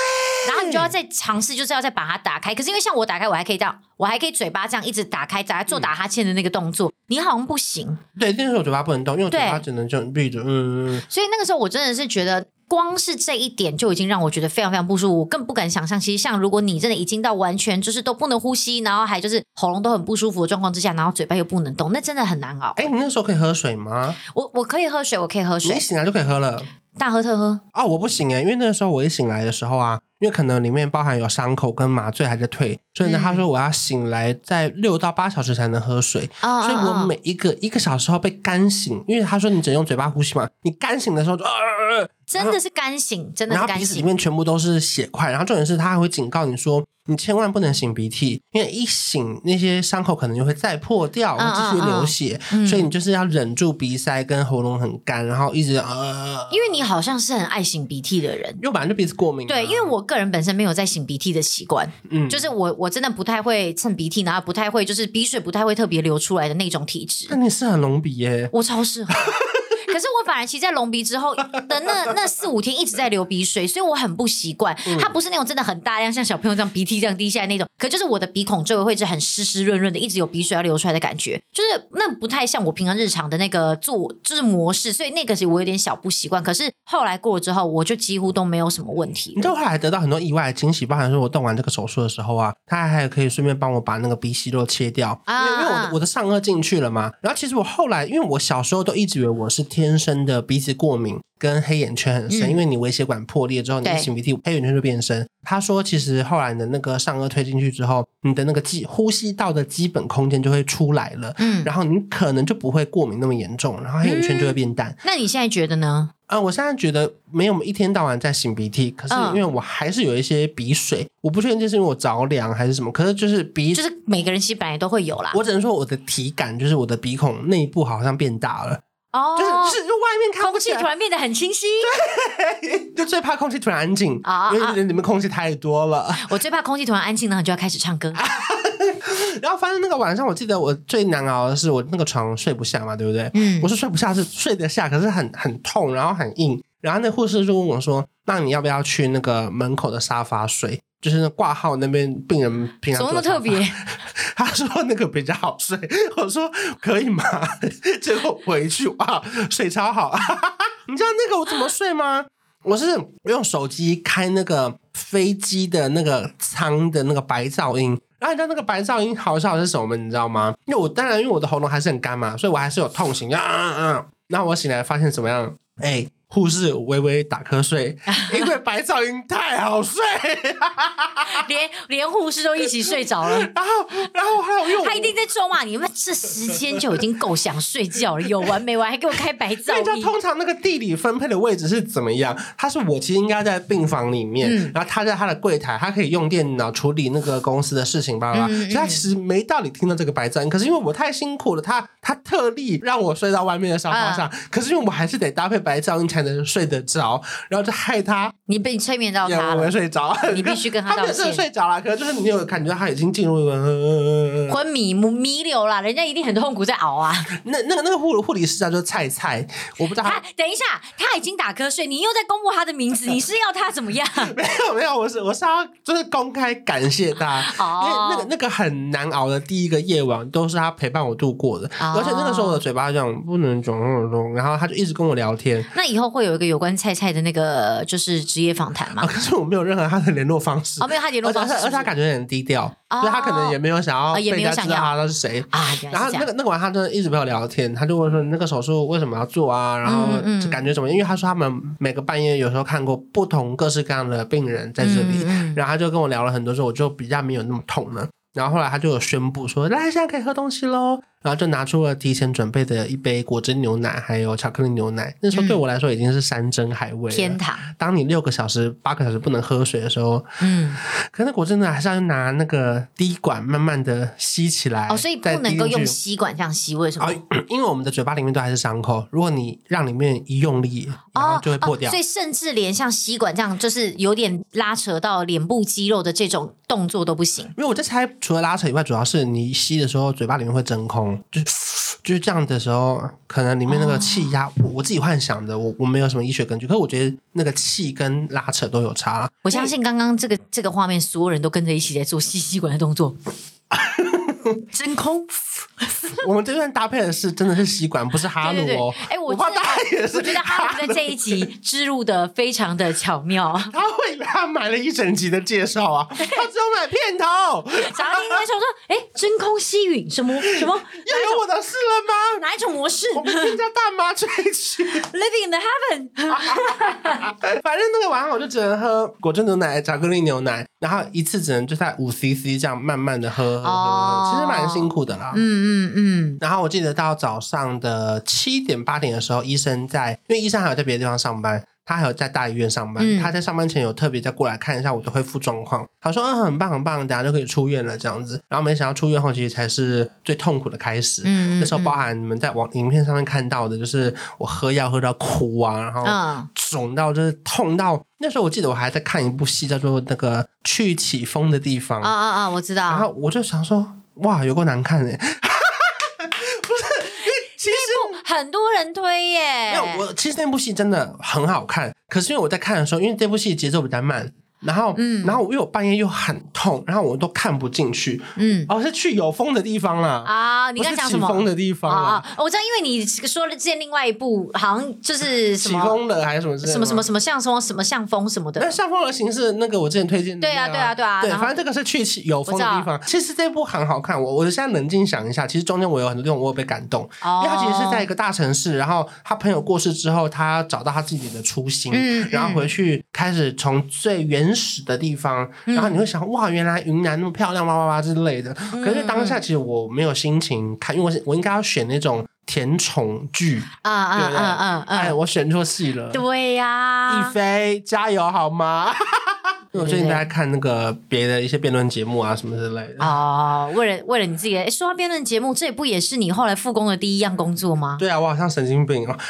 Speaker 2: 然後你就要再嘗試，就是要再把它打開。可是因為像我打開，我還可以這樣，我還可以嘴巴這樣一直打開，打開做打哈欠的那個動作、嗯。你好像不行。
Speaker 1: 對，那個時候嘴巴不能動，因為我嘴巴只能這樣閉着。嗯嗯。
Speaker 2: 所以那個時候，我真的是覺得。光是這一點就已經讓我覺得非常非常不舒服，我更不敢想象。其實，像如果你真的已經到完全就是都不能呼吸，然後還就是喉嚨都很不舒服的狀況之下，然後嘴巴又不能動，那真的很難熬。
Speaker 1: 哎、欸，你那時候可以喝水嗎？
Speaker 2: 我我可以喝水，我可以喝水。你一
Speaker 1: 醒來就可以喝了，大喝特喝啊、哦！我不行誒，因為那時候我一醒來的時候啊，因為可能裡面包含有傷口跟麻醉還在退，所以呢、嗯，他說我要醒來在六到八小時才能喝水。哦哦哦，所以，我每一個一個小時後被乾醒，因為他說你只能用嘴巴呼吸嘛，你乾醒的時候就、啊呃呃。
Speaker 2: 真的是乾醒，真的是乾醒，然後鼻子裡面
Speaker 1: 全部都是血塊。然後重點是，他還會警告你說，你千萬不能擤鼻涕，因為一擤那些傷口可能就會再破掉，會繼續流血、嗯嗯。所以你就是要忍住鼻塞跟喉嚨很乾，然後一直呃。因為你好像是很愛擤鼻涕的人，因為本來就鼻子過敏、啊。
Speaker 2: 對，因為我個人本身沒有在擤鼻涕的習慣，嗯，就是我我真的不太會蹭鼻涕，然後不太會就是鼻水不太會特別流出來的那種體質。那你是
Speaker 1: 很濃鼻耶、欸？
Speaker 2: 我超適合。 可是我反而其實，在隆鼻之後的那那四五天一直在流鼻水，所以我很不習慣，嗯。它不是那種真的很大量，像小朋友這樣鼻涕這樣滴下來那種。可就是我的鼻孔周圍會是很濕濕潤潤的，一直有鼻水要流出來的感覺，就是那不太像我平常日常的那個做就是模式，所以那個我有點小不習慣。可是後來過了之後，我就幾乎都沒有什麼問
Speaker 1: 題。你到後來得到很多意外的驚喜，包含說我動完這個手術的時候啊，他還可以順便幫我把那個鼻息肉切掉，因為因為我我的上顎進去了嘛。然後其實我後來因為我小時候都一直以為我是天。天生的鼻子過敏跟黑眼圈很深，嗯、因為你微血管破裂之後，嗯、你擤鼻涕，黑眼圈就變深。他說，其實後來的那個上顎推進去之後，你的那個基呼吸道的基本空間就會出來了，嗯，然後你可能就不會過敏那麼嚴重，然後黑眼圈就會變淡。
Speaker 2: 嗯、那你現在覺得呢？
Speaker 1: 啊、呃，我現在覺得沒有，我們一天到晚在擤鼻涕，可是因為我還是有一些鼻水，嗯、我不確定這是因為我着涼還是什麼，可是就是鼻水就是每個人其實本來都會有啦。我只能說我的體感就是我的鼻孔內部好像變大了。
Speaker 2: 哦、oh，就是是外面看空氣突然變得很清晰，
Speaker 1: 對，就最怕空氣突然安靜
Speaker 2: ，oh, oh, oh. 因為裡面空氣太多了。我最怕空氣突然安靜，然後就要開始唱歌。
Speaker 1: 然後反正那個晚上，我記得我最難熬的是我那個床睡不下嘛，對不對？嗯， 我是睡不下，是睡得下，可是很很痛，然後很硬。然後那護士就問我說：“那你要不要去那個門口的沙發睡？”就是那掛號那邊病人平常什麼都特別？ 他說那個比較好睡，我說可以嗎？ 結果回去啊，睡超好， 你知道那個我怎麼睡嗎？我是用手機開那個飛機的那個艙的那個白噪音，然後你知道那個白噪音好笑是什麼？你知道嗎？因為我當然因為我的喉嚨還是很乾嘛，所以我還是有痛醒啊啊啊！那我醒來發現怎麼樣？哎。護士微微打瞌睡，因為白噪
Speaker 2: 音太好睡，啊 連，連連護士都一起睡着了。 然後，然後還有用他一定在咒罵你，因 為這時間就已經夠想睡覺了，有完沒完？還給我開白噪
Speaker 1: 音？通常那個地理分配的位置是怎麼樣？他是我其實應該在病房裡面，嗯、然後他在他的櫃台，他可以用電腦處理那個公司的事情吧、嗯？所以，他其實沒道理聽到這個白噪音。嗯、可是因為我太辛苦了，他他特地讓我睡到外面的沙發上，上、啊。可是因為我還是得搭配白噪音才。能睡得着，然後就害他。你被你催眠到他了，沒睡着。你必須跟他。他是睡着了，可能就是你有感覺他已經進入了呵呵呵呵呵昏迷、彌留了。人家一定很痛苦，在熬啊。那那個那個護理護理師叫叫菜菜，我不知道他。他
Speaker 2: 等一下，他已經打瞌睡，你又在公布他的名字，你是要他怎麼樣？
Speaker 1: 沒有沒有，我是我是要就是公開感謝他，哦、因為那個那個很難熬的第一個夜晚都是他陪伴我度過的、哦，而且那個時候我的嘴巴這樣不能動，然後他就一直跟我聊天。
Speaker 2: 那以後。會有一個有關蔡蔡的那個就是職業訪談嘛、哦？可
Speaker 1: 是我沒有任何他的聯絡方式、哦、沒
Speaker 2: 有他的聯絡方
Speaker 1: 式而，而且他感覺很低調，對、哦、他可能也沒有想要被大家知道他是誰、啊、是然後那個那個晚上真的一直跟我聊天，他就問說那個手術為什麼要做啊？然後就感覺怎麼樣、嗯嗯？因為他說他們每個半夜有時候看過不同各式各樣的病人在這裡，嗯嗯、然後他就跟我聊了很多，時候我就比較沒有那麼痛了。然後後來他就有宣布說，那現在可以喝東西嘍。然後就拿出了提前準備的一杯果汁牛奶，還有巧克力牛奶。那時候對我來說已經是山珍海味，嗯、天堂，當你六個小時、八個小時不能喝水的時候，嗯，可那果汁呢還是要拿那個滴管慢慢的吸起來。哦，所以不能夠用吸
Speaker 2: 管這樣吸，為什
Speaker 1: 麼？哦，因為我們的嘴巴裡面都還是傷口，如果你讓裡面一用力，哦，就會破掉，哦哦。所以
Speaker 2: 甚至連像吸管這樣，就是有點拉扯到臉部肌肉的這種動作都不行。因
Speaker 1: 為我在猜，除了拉扯以外，主要是你吸的時候，嘴巴裡面會真空。就就是這樣的時候，可能裡面那個氣壓，Oh. 我，我自己幻想的，我我沒有什麼醫學根據，可是我覺得那個氣跟拉扯都有差。
Speaker 2: 我相信剛剛這個這個畫面，所有人都跟着一起在做吸吸管的動作，
Speaker 1: 真空。 我們這段搭配的是真的是吸管，不是哈魯、哦。哎，我怕我覺得哈魯在這一集
Speaker 2: 植入的非常的巧妙。他會為他買了一整集的介紹啊，
Speaker 1: 他只有買片頭。
Speaker 2: 小林先生說：“哎，真空吸吮什麼什麼又有我的事了嗎？哪一種模式？我們現在大媽這一群 living in the heaven 。
Speaker 1: 反正那個晚上我就只能喝果汁牛奶、巧克力牛奶，然後一次只能就在五 c c 這樣慢慢的喝呵呵呵，oh. 其實蠻辛苦的啦。嗯嗯嗯嗯，然後我記得到早上的七點八點的時候，醫生在，因為醫生還有在別的地方上班，他還有在大醫院上班，嗯、他在上班前有特別再過來看一下我的恢復狀況。他說：“嗯，很棒很棒，等下就可以出院了。”這樣子，然後沒想到出院後其實才是最痛苦的開始。嗯，嗯，嗯，那時候包含你們在網影片上面看到的，就是我喝藥喝到哭啊，然後腫到就是痛到，嗯。那時候我記得我還在看一部戲，叫做《那個去起風的地方》。啊啊啊！我知道。然後我就想說。哇，有夠難看耶， 不是，因為其實很多人推耶。沒有，我其實那部戲真的很好看，可是因為我在看的時候，因為這部戲節奏比較慢。然後、嗯，然後我因為我半夜又很痛，然後我都看不進去。嗯，哦，是去有風的地方了
Speaker 2: 啊？你在講什麼？起風的地方啊？我知道，因為你說了件另外一
Speaker 1: 部，好像就是什麼起風了還是什麼是什麼什麼什麼向風什麼像風什麼的？那向風而行，那個我之前推薦的、啊。對啊，對啊，對啊，對，啊對，反正這個是去有風的地方。其實這部很好看，我我現在冷靜想一下，其實中間我有很多地方我有被感動，哦。因為他其實是在一個大城市，然後他朋友過世之後，他找到他自己的初心，嗯、然後回去開始從最原。史的地方，然後你會想、嗯、哇，原來雲南那麼漂亮，哇哇哇之類的。嗯嗯，可是當下其實我沒有心情看，因為我我應該要選那種甜寵劇啊，啊啊啊哎，我選錯戲了。對呀、啊，亦菲加油好嗎？我最近都在看那個別的一些辯論節目啊，什麼之類的。哦，為了
Speaker 2: 為了你自己，說到辯論節目，這不也是你後來復工的第一樣工作嗎？
Speaker 1: 對啊，我好像神經病啊、喔。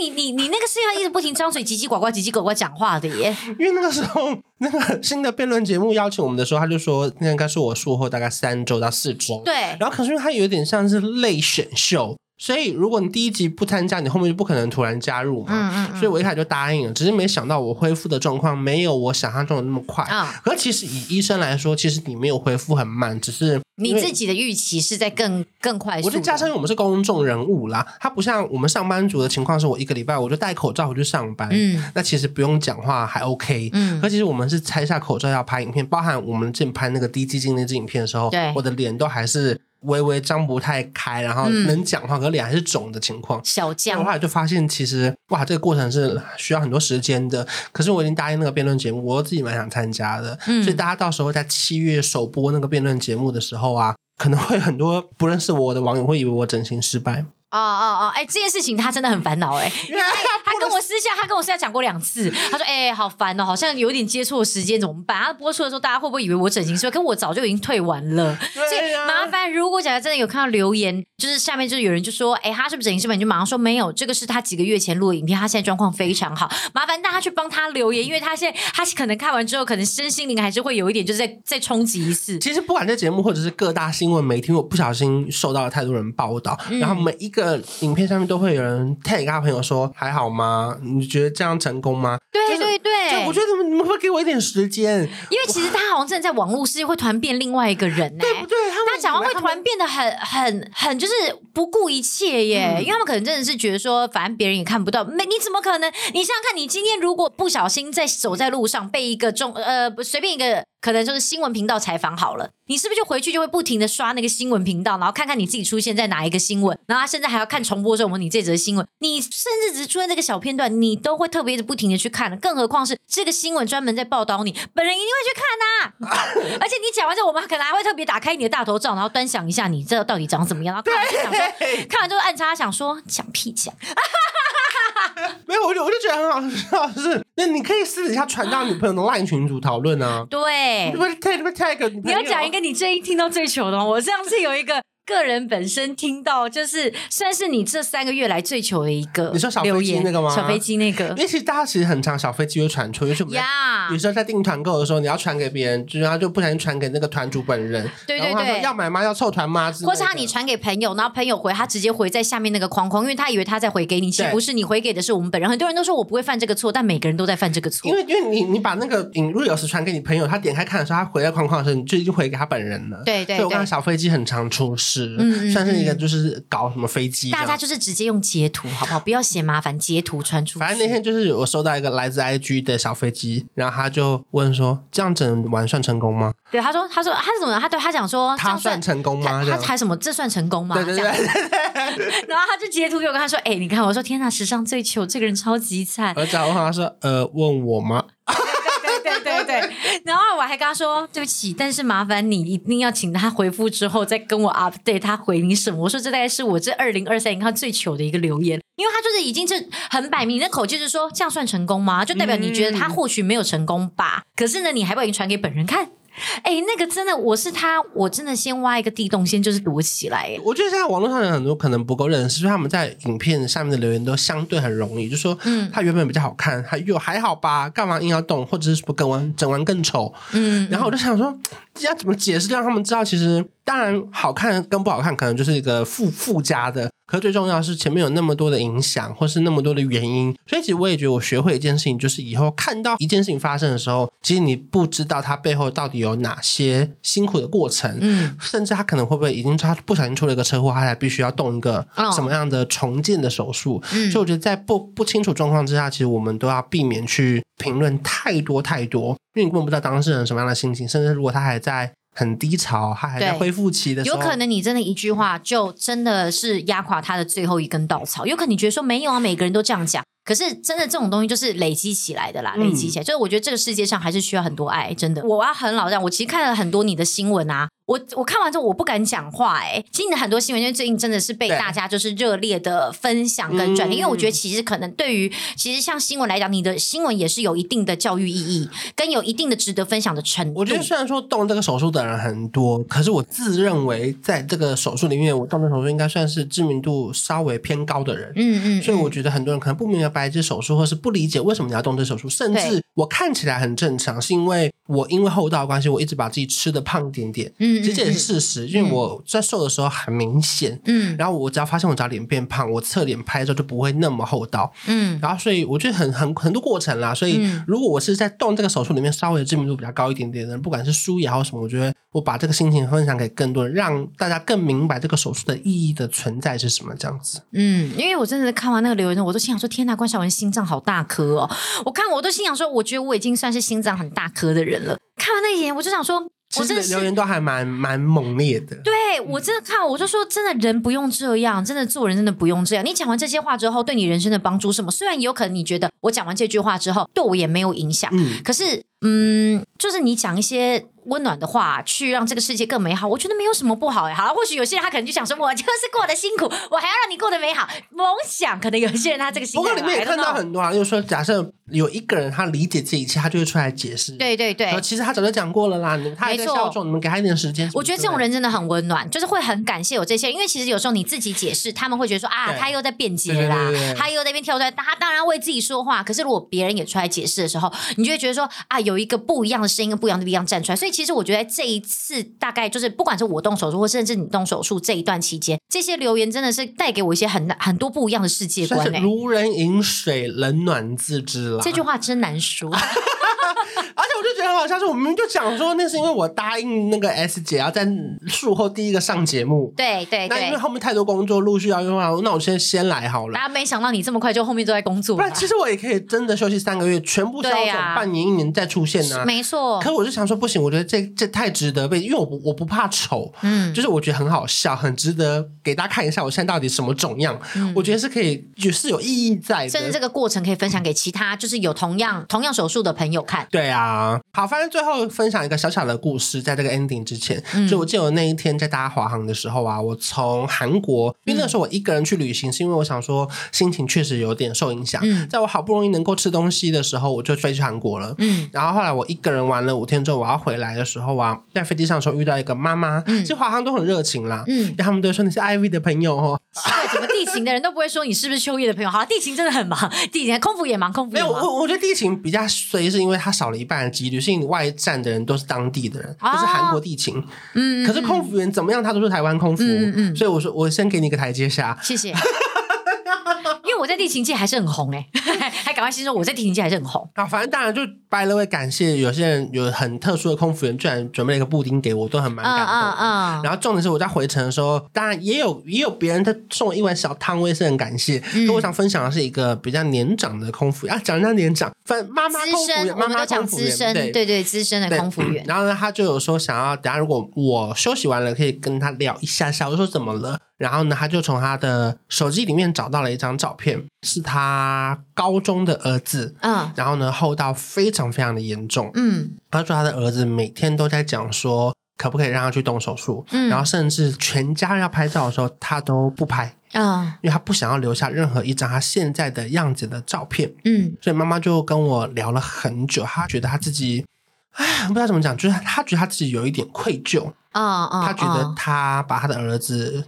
Speaker 2: 因為你你你那個是因為一直不停張嘴嘰嘰呱呱嘰嘰呱呱講話的耶，
Speaker 1: 因為那個時候那個新的辯論節目邀請我們的時候，他就說那應、個、該是我術後大概三周到四周，對，然後可是因為他有點像是類選秀。所以，如果你第一集不參加，你後面就不可能突然加入嘛。嗯嗯嗯，所以所以我一開始就答應了，只是沒想到我恢復的狀況沒有我想象中的那麼快。啊。而其實以醫生來說，其實你沒有恢復很慢，只是你自己
Speaker 2: 的預期是在更更快。我是加上
Speaker 1: 因為我們是公眾人物啦，它不像我們上班族的情況，是我一個禮拜我就戴口罩回去上班。嗯。那其實不用講話還 OK。嗯。可其實我們是拆下口罩要拍影片，包含我們進拍那個低 g 鏡頭那支影片的時候，我的臉都還是。微微張不太開，然後能講話，嗯、可臉還是腫的情況。小將然後後來就發現，其實哇，這個過程是需要很多時間的。可是我已經答應那個辯論節目，我自己蠻想參加的，嗯。所以大家到時候在七月首播那個辯論節目的時候啊，可能會很多不認識我的網友會以為我整形失敗。
Speaker 2: 哦哦哦，哎，這件事情他真的很煩惱哎、欸，yeah, 他跟我私下， 他跟我私下講過兩次，他說：“哎、欸，好煩哦，好像有點接錯的時間怎麼辦？”他播出的時候，大家會不會以為我整形失敗？可我早就已經退完了，yeah. 所以麻煩，如果假如真的有看到留言，就是下面就是有人就說：“哎、欸，他是不是整形失敗？”你就馬上說沒有，這個是他幾個月前錄的影片，他現在狀況非常好。麻煩大家去幫他留言，因為他現在他可能看完之後，可能身心靈還是會有一點就，就是在在衝擊一次。其
Speaker 1: 實不管在節目或者是各大新聞媒體，我不小心受到了太多人報道，嗯、然後每一個。這個影片，上面都會有人 tag 他朋友說，還好嗎？你覺得這樣成功嗎？
Speaker 2: 對對對，我覺得你們會不會給我一點時間？因為其實他好像正在網絡世界會團變另外一個人、欸，對不對？他講話會團變得很很很，很就是不顧一切耶、嗯！因為他們可能真的是覺得說，反正別人也看不到，沒你怎麼可能？你想想看，你今天如果不小心在走在路上被一個中呃不隨便一個。可能就是新聞頻道採訪好了，你是不是就回去就會不停的刷那個新聞頻道，然後看看你自己出現在哪一個新聞，然後他甚至還要看重播的時候有沒有你這則新聞，你甚至只是出現這個小片段，你都會特別的不停的去看，更何況是這個新聞專門在報道你，本人一定會去看吶、啊。 而且你講完之後，我媽可能還會特別打開你的大頭照，然後端詳一下你這到底長怎麼樣，然後看完就想說，看完之後暗插想說講屁
Speaker 1: 講， 沒有我就我就覺得很好笑，是。那你可以私底下傳到女朋友的 LINE 群組討論啊？
Speaker 2: 對，你，是是 tag, 你，你要講一個你最一聽到最糗的嗎？ 我上次有一個。個人本身聽到就是算是你這三個月來最
Speaker 1: 糗的一個。你說小飛機那個嗎？小飛機那個，因為其實大家其實很常小飛機會傳出去，為什麼呀？Yeah. 有時候在訂團購的時候，你要傳給別人，就是他就不小心傳給那個團主本人。對對對，要買嗎？要湊團嗎？那個？或是他
Speaker 2: 你傳給朋友，然後朋友回他直接回在下面那個框框，因為他以為他在回給你。其實不是，你回給的是我們本人。很多人都說我不會犯這個錯，但每個人都在犯這個錯。因
Speaker 1: 為因為你你把那個引入有時傳給你朋友，他點開看的時候，他回在框框的時候，你就已經回給他本人了。對對，對，所以我講小飛機很常出事。嗯嗯嗯算是一個，就是搞什麼飛機？大家就是直接用截圖，好不好？不要嫌麻煩，截圖傳出去。反正那天就是我收到一個來自 IG 的小飛機，然後他就問說：“這樣整完算成功嗎？”
Speaker 2: 對，他說：“他說他是怎麼？他對，他講說：‘他
Speaker 1: 算成功嗎？’他猜什
Speaker 2: 麼？這算成功嗎？”對對對，對。然後他就截圖給我跟他說：“哎、欸，你看，我說天吶，史上最糗，這個人超級慘。”我講
Speaker 1: 的話他說：“呃，問我嗎？”
Speaker 2: 對對對，然後我還跟他說對不起，但是，麻煩你一定要請他回復之後再跟我 update。他回你什麼？我說這大概是我這二零二三年看最糗的一個留言，因為他就是已經是很擺明的口氣，是說這樣算成功嗎？就代表你覺得他或許沒有成功吧？嗯、可是呢，你還不願意傳給本人看。哎、欸，那個真的，我是他，我真的先挖一個地洞，先就是躲起來。
Speaker 1: 我覺得現在網絡上有很多可能不夠認識，就是他們在影片下面的留言都相對很容易，就是、說，嗯，他原本比較好看，嗯、還有，還好吧？幹嘛硬要動，或者是，是不跟完整完更醜？嗯，然後我就想說，要怎麼解釋讓他們知道？其實當然好看跟不好看，可能就是一個附附加的。可最重要是前面有那麼多的影響，或是那麼多的原因，所以其實我也覺得我學會一件事情，就是以後看到一件事情發生的時候，其實你不知道它背後到底有哪些辛苦的過程，嗯，甚至他可能會不會已經他不小心出了一個車禍，他還必須要動一個什麼樣的重建的手術，所以我覺得在不不清楚狀況之下，其實我們都要避免去評論太多太多，因為你根本不知道當事人什麼樣的心情，甚至如果他還在。很低潮，還在恢復期的時候，有可能
Speaker 2: 你真的一句話就真的是壓垮他的最後一根稻草。有可能你覺得說沒有啊，每個人都這樣講，可是真的這種東西就是累積起來的啦，嗯、累積起來。就是我覺得這個世界上還是需要很多愛，真的。我要、啊、很老這樣，我其實看了很多你的新聞啊。我我看完之後，我不敢講話哎、欸。其實你的很多新聞，因為最近真的是被大家就是熱烈的分享跟轉、嗯，因為我覺得其實可能對於其實像新聞來講，你的新聞也是有一定的教育意義，跟有一定的值得分享的程度。我覺得雖
Speaker 1: 然說動這個手術的人很多，可是我自認為在這個手術裡面，我動這手術應該算是知名度稍微偏高的人。嗯嗯，嗯。所以我覺得很多人可能不明白這手術，或是不理解為什麼你要動這手術，甚至我看起來很正常，是因為我因為厚道關係，我一直把自己吃得胖一點點。嗯。其實這也是事實、嗯嗯，因為我在瘦的時候很明顯，嗯，然後我只要發現我只要臉變胖，我側臉拍的時候就不會那麼厚道，嗯，然後所以我覺得很很很多過程啦，所以如果我是在動這個手術裡面稍微知名度比較高一點點的人，不管是輸也好，什麼，我覺得我把這個心情分享給更多人，讓大家更明白這個手術的意義的存在是什麼這樣子。
Speaker 2: 嗯，因為我真的看完那個留言，我都心想說：天吶，關韶文心臟好大顆哦！我看我都心想說：我覺得我已經算是心臟很大
Speaker 1: 顆的人了。
Speaker 2: 看完那一眼，我就想說。其實留言都
Speaker 1: 還蠻蠻猛烈的。
Speaker 2: 對，嗯，我真的看，我就說，真的人不用這樣，真的做人真的不用這樣。你講完這些話之後，對你人生的幫助是什麼？雖然有可能你覺得我講完這句話之後對我也沒有影響，嗯，可是嗯，就是你講一些。溫暖的話，去讓這個世界更美好，我覺得沒有什麼不好呀、欸。好，或許有些人他可能就想說，我就是過得辛苦，我還要讓你過得美好。夢想
Speaker 1: 可能有些人他這個不過， 裡面也看到很多啊，就說假設有一個人他理解這一切，他就會出來解釋。
Speaker 2: 對對對，然後其
Speaker 1: 實他早就講過了啦他效。沒錯，你們給他一點時間。我覺得這種
Speaker 2: 人真的很溫暖，就是會很感謝有這些人，因為其實有時候你自己解釋，他們會覺得說啊，他又在辯解啦，對對對對對，他又在那邊跳出來，他當然為自己說話。可是如果別人也出來解釋的時候，你就會覺得說啊，有一個不一樣的聲音，跟不一樣的力量站出來，所以。其實我覺得這一次大概就是，不管是我動手術，或甚至你動手術，這一段期間，這些留言真的是帶給我一些很很多不一樣的世界觀欸。是如
Speaker 1: 人飲水，冷暖自知了。這句話真難說。 而且我就覺得很好笑，是我們就講說那是因為我答應那個 S 姐要在術後第一個上節目，對對，對。那因為後面太多工作陸續要用啊，那我先先來好了。大家沒想到你這麼快就後面都在工作。不然其實我也可以真的休息三個月，全部消腫，半年一年再出現呢，啊啊。沒錯。可是我就想說不行，我覺得這這太值得被，因為我不我不怕醜，嗯，就是我覺得很好笑，很值得給大家看一下我現在到底什麼腫樣。嗯，我覺得是可以，就是有意義在的，甚至這個過程可以分享給其他，嗯，就是有同樣同樣手術的朋友看。對啊，好，反正最後分享一個小小的故事，在這個 ending 之前，嗯、就我記得我那一天在搭華航的時候啊，我從韓國、嗯，因為那時候我一個人去旅行，是因為我想說心情確實有點受影響。嗯、在我好不容易能夠吃東西的時候，我就飛去韓國了。嗯，然後後來我一個人玩了五天之後，我要回來的時候啊，在飛機上的時候遇到一個媽媽、嗯，其實華航都很熱情啦。嗯，然後他們都說你是 Ivy 的朋友哦。對，
Speaker 2: 什麼地勤的人都不會說你是不是丘曄的朋友。好地勤真的很忙，地勤空服也忙，空服沒有我，
Speaker 1: 我覺得地勤比較隨是因為。他少了一半的幾率，是因為你外站的人都是當地的人，都、哦、是韓國地勤。嗯，嗯，嗯，可是空服員怎麼樣，他都是台灣空服。嗯，嗯，嗯，所以我說，我先給你一個台階下。謝謝。
Speaker 2: 我在地勤界還是很紅誒、欸，還趕快先說我在地勤界還是很紅
Speaker 1: 啊。反正當然就拜了，會感謝有些人有很特殊的空服員，居然準備了一個布丁給我，都很蠻感動。啊、uh, uh,，uh, 然後重點是我在回程的時候，當然也有也有別人他送我一碗小湯，我也是很感謝。嗯。但我想分享的是一個比較年長的空服員啊，講人家年長，分，媽媽空服員，我們都講資深，對
Speaker 2: 對資深的空服
Speaker 1: 員、嗯。然後呢，他就有說想要等下如果我休息完了，可以跟他聊一下下，我就說怎麼了？然後呢，他就從他的手機裡面找到了一張照片，是他高中的兒子。嗯、哦，然後呢，戽斗非常非常的嚴重。嗯，他說他的兒子每天都在講說，可不可以讓他去動手術？嗯，然後甚至全家要拍照的時候，他都不拍。嗯、哦，因為他不想要留下任何一張他現在的樣子的照片。嗯，所以媽媽就跟我聊了很久，他覺得他自己，哎，不知道怎麼講，就是他，他覺得他自己有一點愧疚
Speaker 2: 啊啊、哦哦，他覺得
Speaker 1: 他把他的兒子。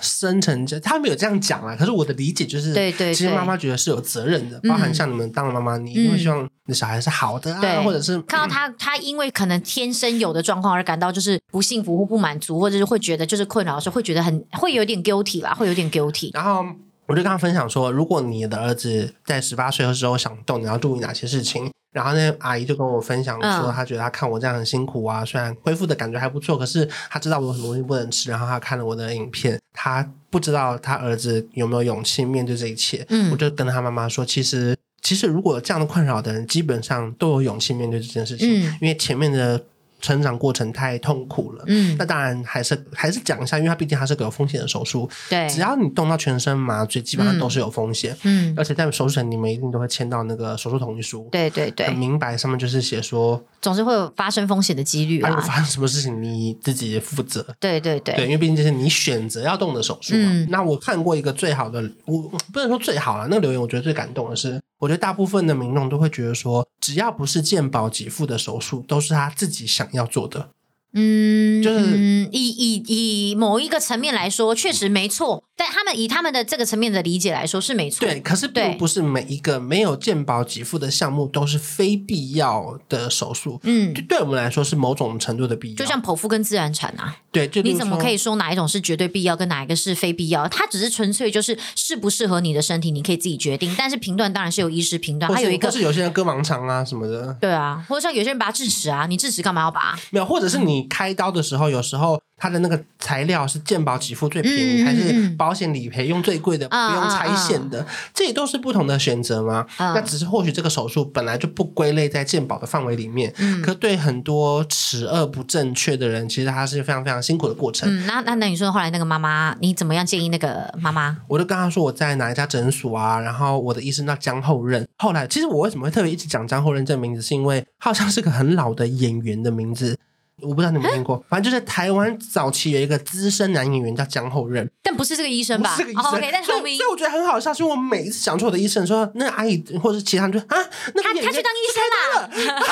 Speaker 1: 深成這他沒有這樣講啊。可是我的理解就是，對對對，其實媽媽覺得是有責任的，對對對，包含像你們當了媽媽，你因為希望你的小孩是好的啊，對，或者是
Speaker 2: 看到他，他因為可能天生有的狀況而感到就是不幸福或不滿足，或者是會覺得就是困擾的時候，會覺得很會有點 guilty 吧，會有點 guilty。然後
Speaker 1: 我就跟他分享說，如果你的兒子在十八歲的時候想動，你要注意哪些事情？然後那阿姨就跟我分享說，她覺得她看我這樣很辛苦啊，哦，雖然恢復的感覺還不錯，可是她知道我很多東西不能吃。然後她看了我的影片，她不知道她兒子有沒有勇氣面對這一切。嗯，我就跟她媽媽說，其實其實如果這樣的困擾的人，基本上都有勇氣面對這件事情。嗯，因為前面的。成長過程太痛苦了，嗯，那當然還是還是講一下，因為它畢竟還是個有風險的手術，對，只要你動到全身麻醉，基本上都是有風險，嗯，而且在手術前你們一定都會簽到那個手術同意書，對對對，很明白上面就是寫說，總是會有發生風險的幾率、啊，啊、發生什麼事情你自己負責，對對對，對，因為畢竟這是你選擇要動的手術嘛、啊嗯，那我看過一個最好的，我不能說最好了、啊，那個留言我覺得最感動的是，我覺得大部分的民眾都會覺得說，只要不是健保給付的手術，都是他自己想要做的，嗯，
Speaker 2: 就是、嗯、以以以某一個層面來說，確實沒錯。但他們以他們的這個層面的理解來說是沒
Speaker 1: 錯，對，可是並不是每一個沒有健保給付的項目都是非必要的手術，嗯，對我們來說是某種程度的必要。就像剖腹跟自然產啊，對，就，就你怎麼可以
Speaker 2: 說哪一種是絕對必要跟哪一個是非必要？它只是純粹就是適不適合你的身體，你可以自己決定。但是評斷當然是有醫師評斷，還有一個就是有些
Speaker 1: 人割盲腸啊什麼的，
Speaker 2: 對啊，或者像有些人拔智齒啊，你智齒幹嘛要拔？
Speaker 1: 沒有，或者是你開刀的時候，嗯、有時候。他的那個材料是健保給付最便宜，嗯嗯嗯嗯還是保險理賠用最貴的？不用拆線的，嗯嗯嗯這也都是不同的選擇嗎？嗯嗯嗯那只是或許這個手術本來就不歸類在健保的範圍裡面。嗯嗯可對很多齒顎不正確的人，其實它是非常非常辛苦的過程。
Speaker 2: 嗯、那那那你說後來那個媽媽，你怎麼樣建議那個媽媽？
Speaker 1: 我就跟她說我在哪一家診所啊？然後我的醫生叫江厚任。後來其實我為什麼會特別一直講江厚任這個名字，是因為好像是個很老的演員的名字。我不知道你們聽過，嗯,反正就是台灣早期有一個資深男演員叫江厚任，
Speaker 2: 但不是這個醫生吧，是個醫生。OK，但所以
Speaker 1: ，so，我覺得很好笑，是我每一次想出我的醫生說、說那個、阿姨或者其他人說啊，那個、他他去當醫生啦。了。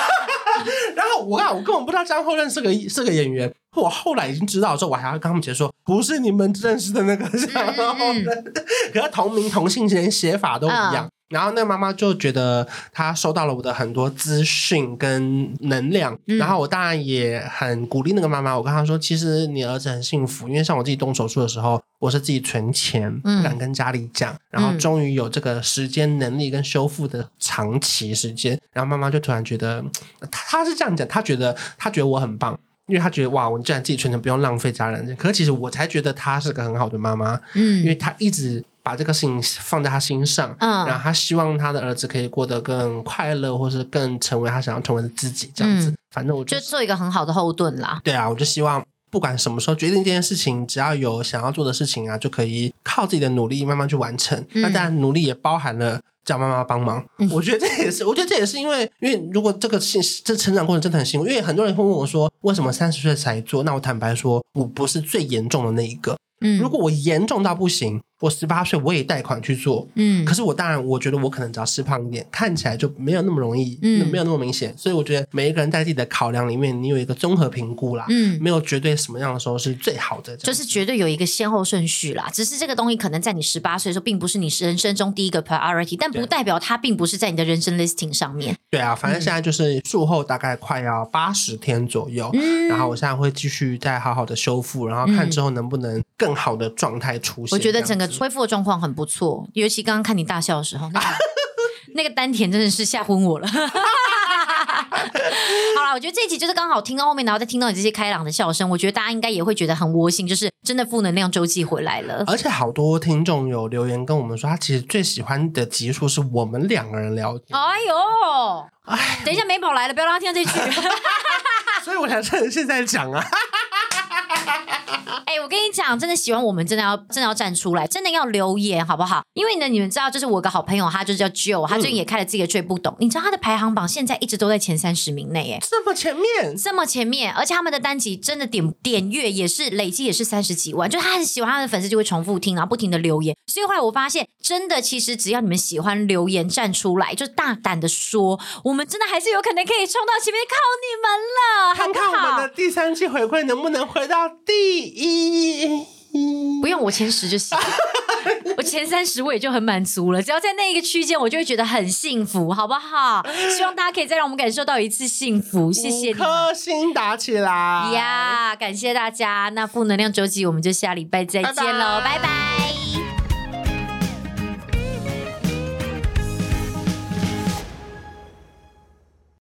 Speaker 1: 然後我啊，我根本不知道江厚任是個是個演員，我後來已經知道之後，我還要跟他們解說，不是你們認識的那個江厚任，嗯嗯，可是同名同姓連寫法都一樣。 嗯然後那個媽媽就覺得她收到了我的很多資訊跟能量、嗯，然後我當然也很鼓勵那個媽媽。我跟她說，其實你兒子很幸福，因為像我自己動手術的時候，我是自己存錢，不敢跟家裡講，嗯、然後終於有這個時間、能力跟修復的長期時間、嗯。然後媽媽就突然覺得，她，她是這樣講，她覺得她覺得，她覺得我很棒，因為她覺得哇，我這樣自己存錢，不用浪費家人。可其實我才覺得她是個很好的媽媽，嗯、因為她一直。把這個事情放在他心上、嗯，然後他希望他的兒子可以過得更快樂，或是更成為他想要成為的自己，這樣子。嗯、反正我覺得做一個很好的後盾啦。對啊，我就希望不管什麼時候決定這件事情，只要有想要做的事情啊，就可以靠自己的努力慢慢去完成。嗯、那當然，努力也包含了叫媽媽幫忙、嗯。我覺得這也是，我覺得這也是因為，因為如果這個幸這成長過程真的很幸福，因為很多人會問我說，為什麼三十歲才做？那我坦白說，我不是最嚴重的那一個。嗯，如果我嚴重到不行。我十八歲，我也貸款去做，嗯，可是我當然，我覺得我可能只要吃胖一點，看起來就沒有那麼容易，嗯，沒有那麼明顯，嗯，所以我覺得每一個人在自己的考量裡面，你有一個綜合評估啦，嗯，沒有絕對什麼樣的時候是最好的，
Speaker 2: 就是絕對有一個先後順序啦，只是這個東西可能在你十八歲的時候，並不是你人生中第一個 priority，但不代表它並不是在你的人生 listing 上面。對啊，
Speaker 1: 反正現在就是術後大概快要八十天左右，嗯，然後我現在會繼續再好好的修復，然後看之後能不能更好的狀態出現。我覺得
Speaker 2: 整個。恢復的狀況很不錯，尤其剛剛看你大笑的時候，那個， 那個丹田真的是嚇昏我了。 好了，我覺得這一集就是剛好聽到後面，然後再聽到你這些開朗的笑聲，我覺得大家應該也會覺得很窩心，就是真的負能量周記回來了。而且
Speaker 1: 好多聽眾有留言跟我們說，他其實最喜歡的集數是我們兩個人聊，哎。
Speaker 2: 哎呦，等一下美寶來了，不要讓他聽到這句。
Speaker 1: 所以我想趁現在講啊。
Speaker 2: 哎、欸，我跟你講，真的喜歡我們，真的要真的要站出來，真的要留言，好不好？因為呢，你們知道，就是我一個好朋友，他就是叫 Joe，他最近也開了自己的最不懂、嗯，你知道他的排行榜現在一直都在前三十名內，耶，這麼前面，這麼前面，而且他們的單集真的點點閱也是累計也是三十幾萬，就他很喜歡他們的粉絲就會重複聽，然後不停的留言。所以後來我發現，真的其實只要你們喜歡留言站出來，就大膽的說，我們真的還是有可能可以衝到前面，靠你們了，看看我們的第三季回饋能不能回到第。 不用我前十就行， 我前三十我也就很滿足了。只要在那一個區間，我就會覺得很幸福，好不好？希望大家可以再讓我們感受到一次幸福，謝謝你們。五顆星打起來呀！Yeah, 感謝大家，那負能量周記，我們就下禮拜再見嘍，拜拜。Bye
Speaker 1: bye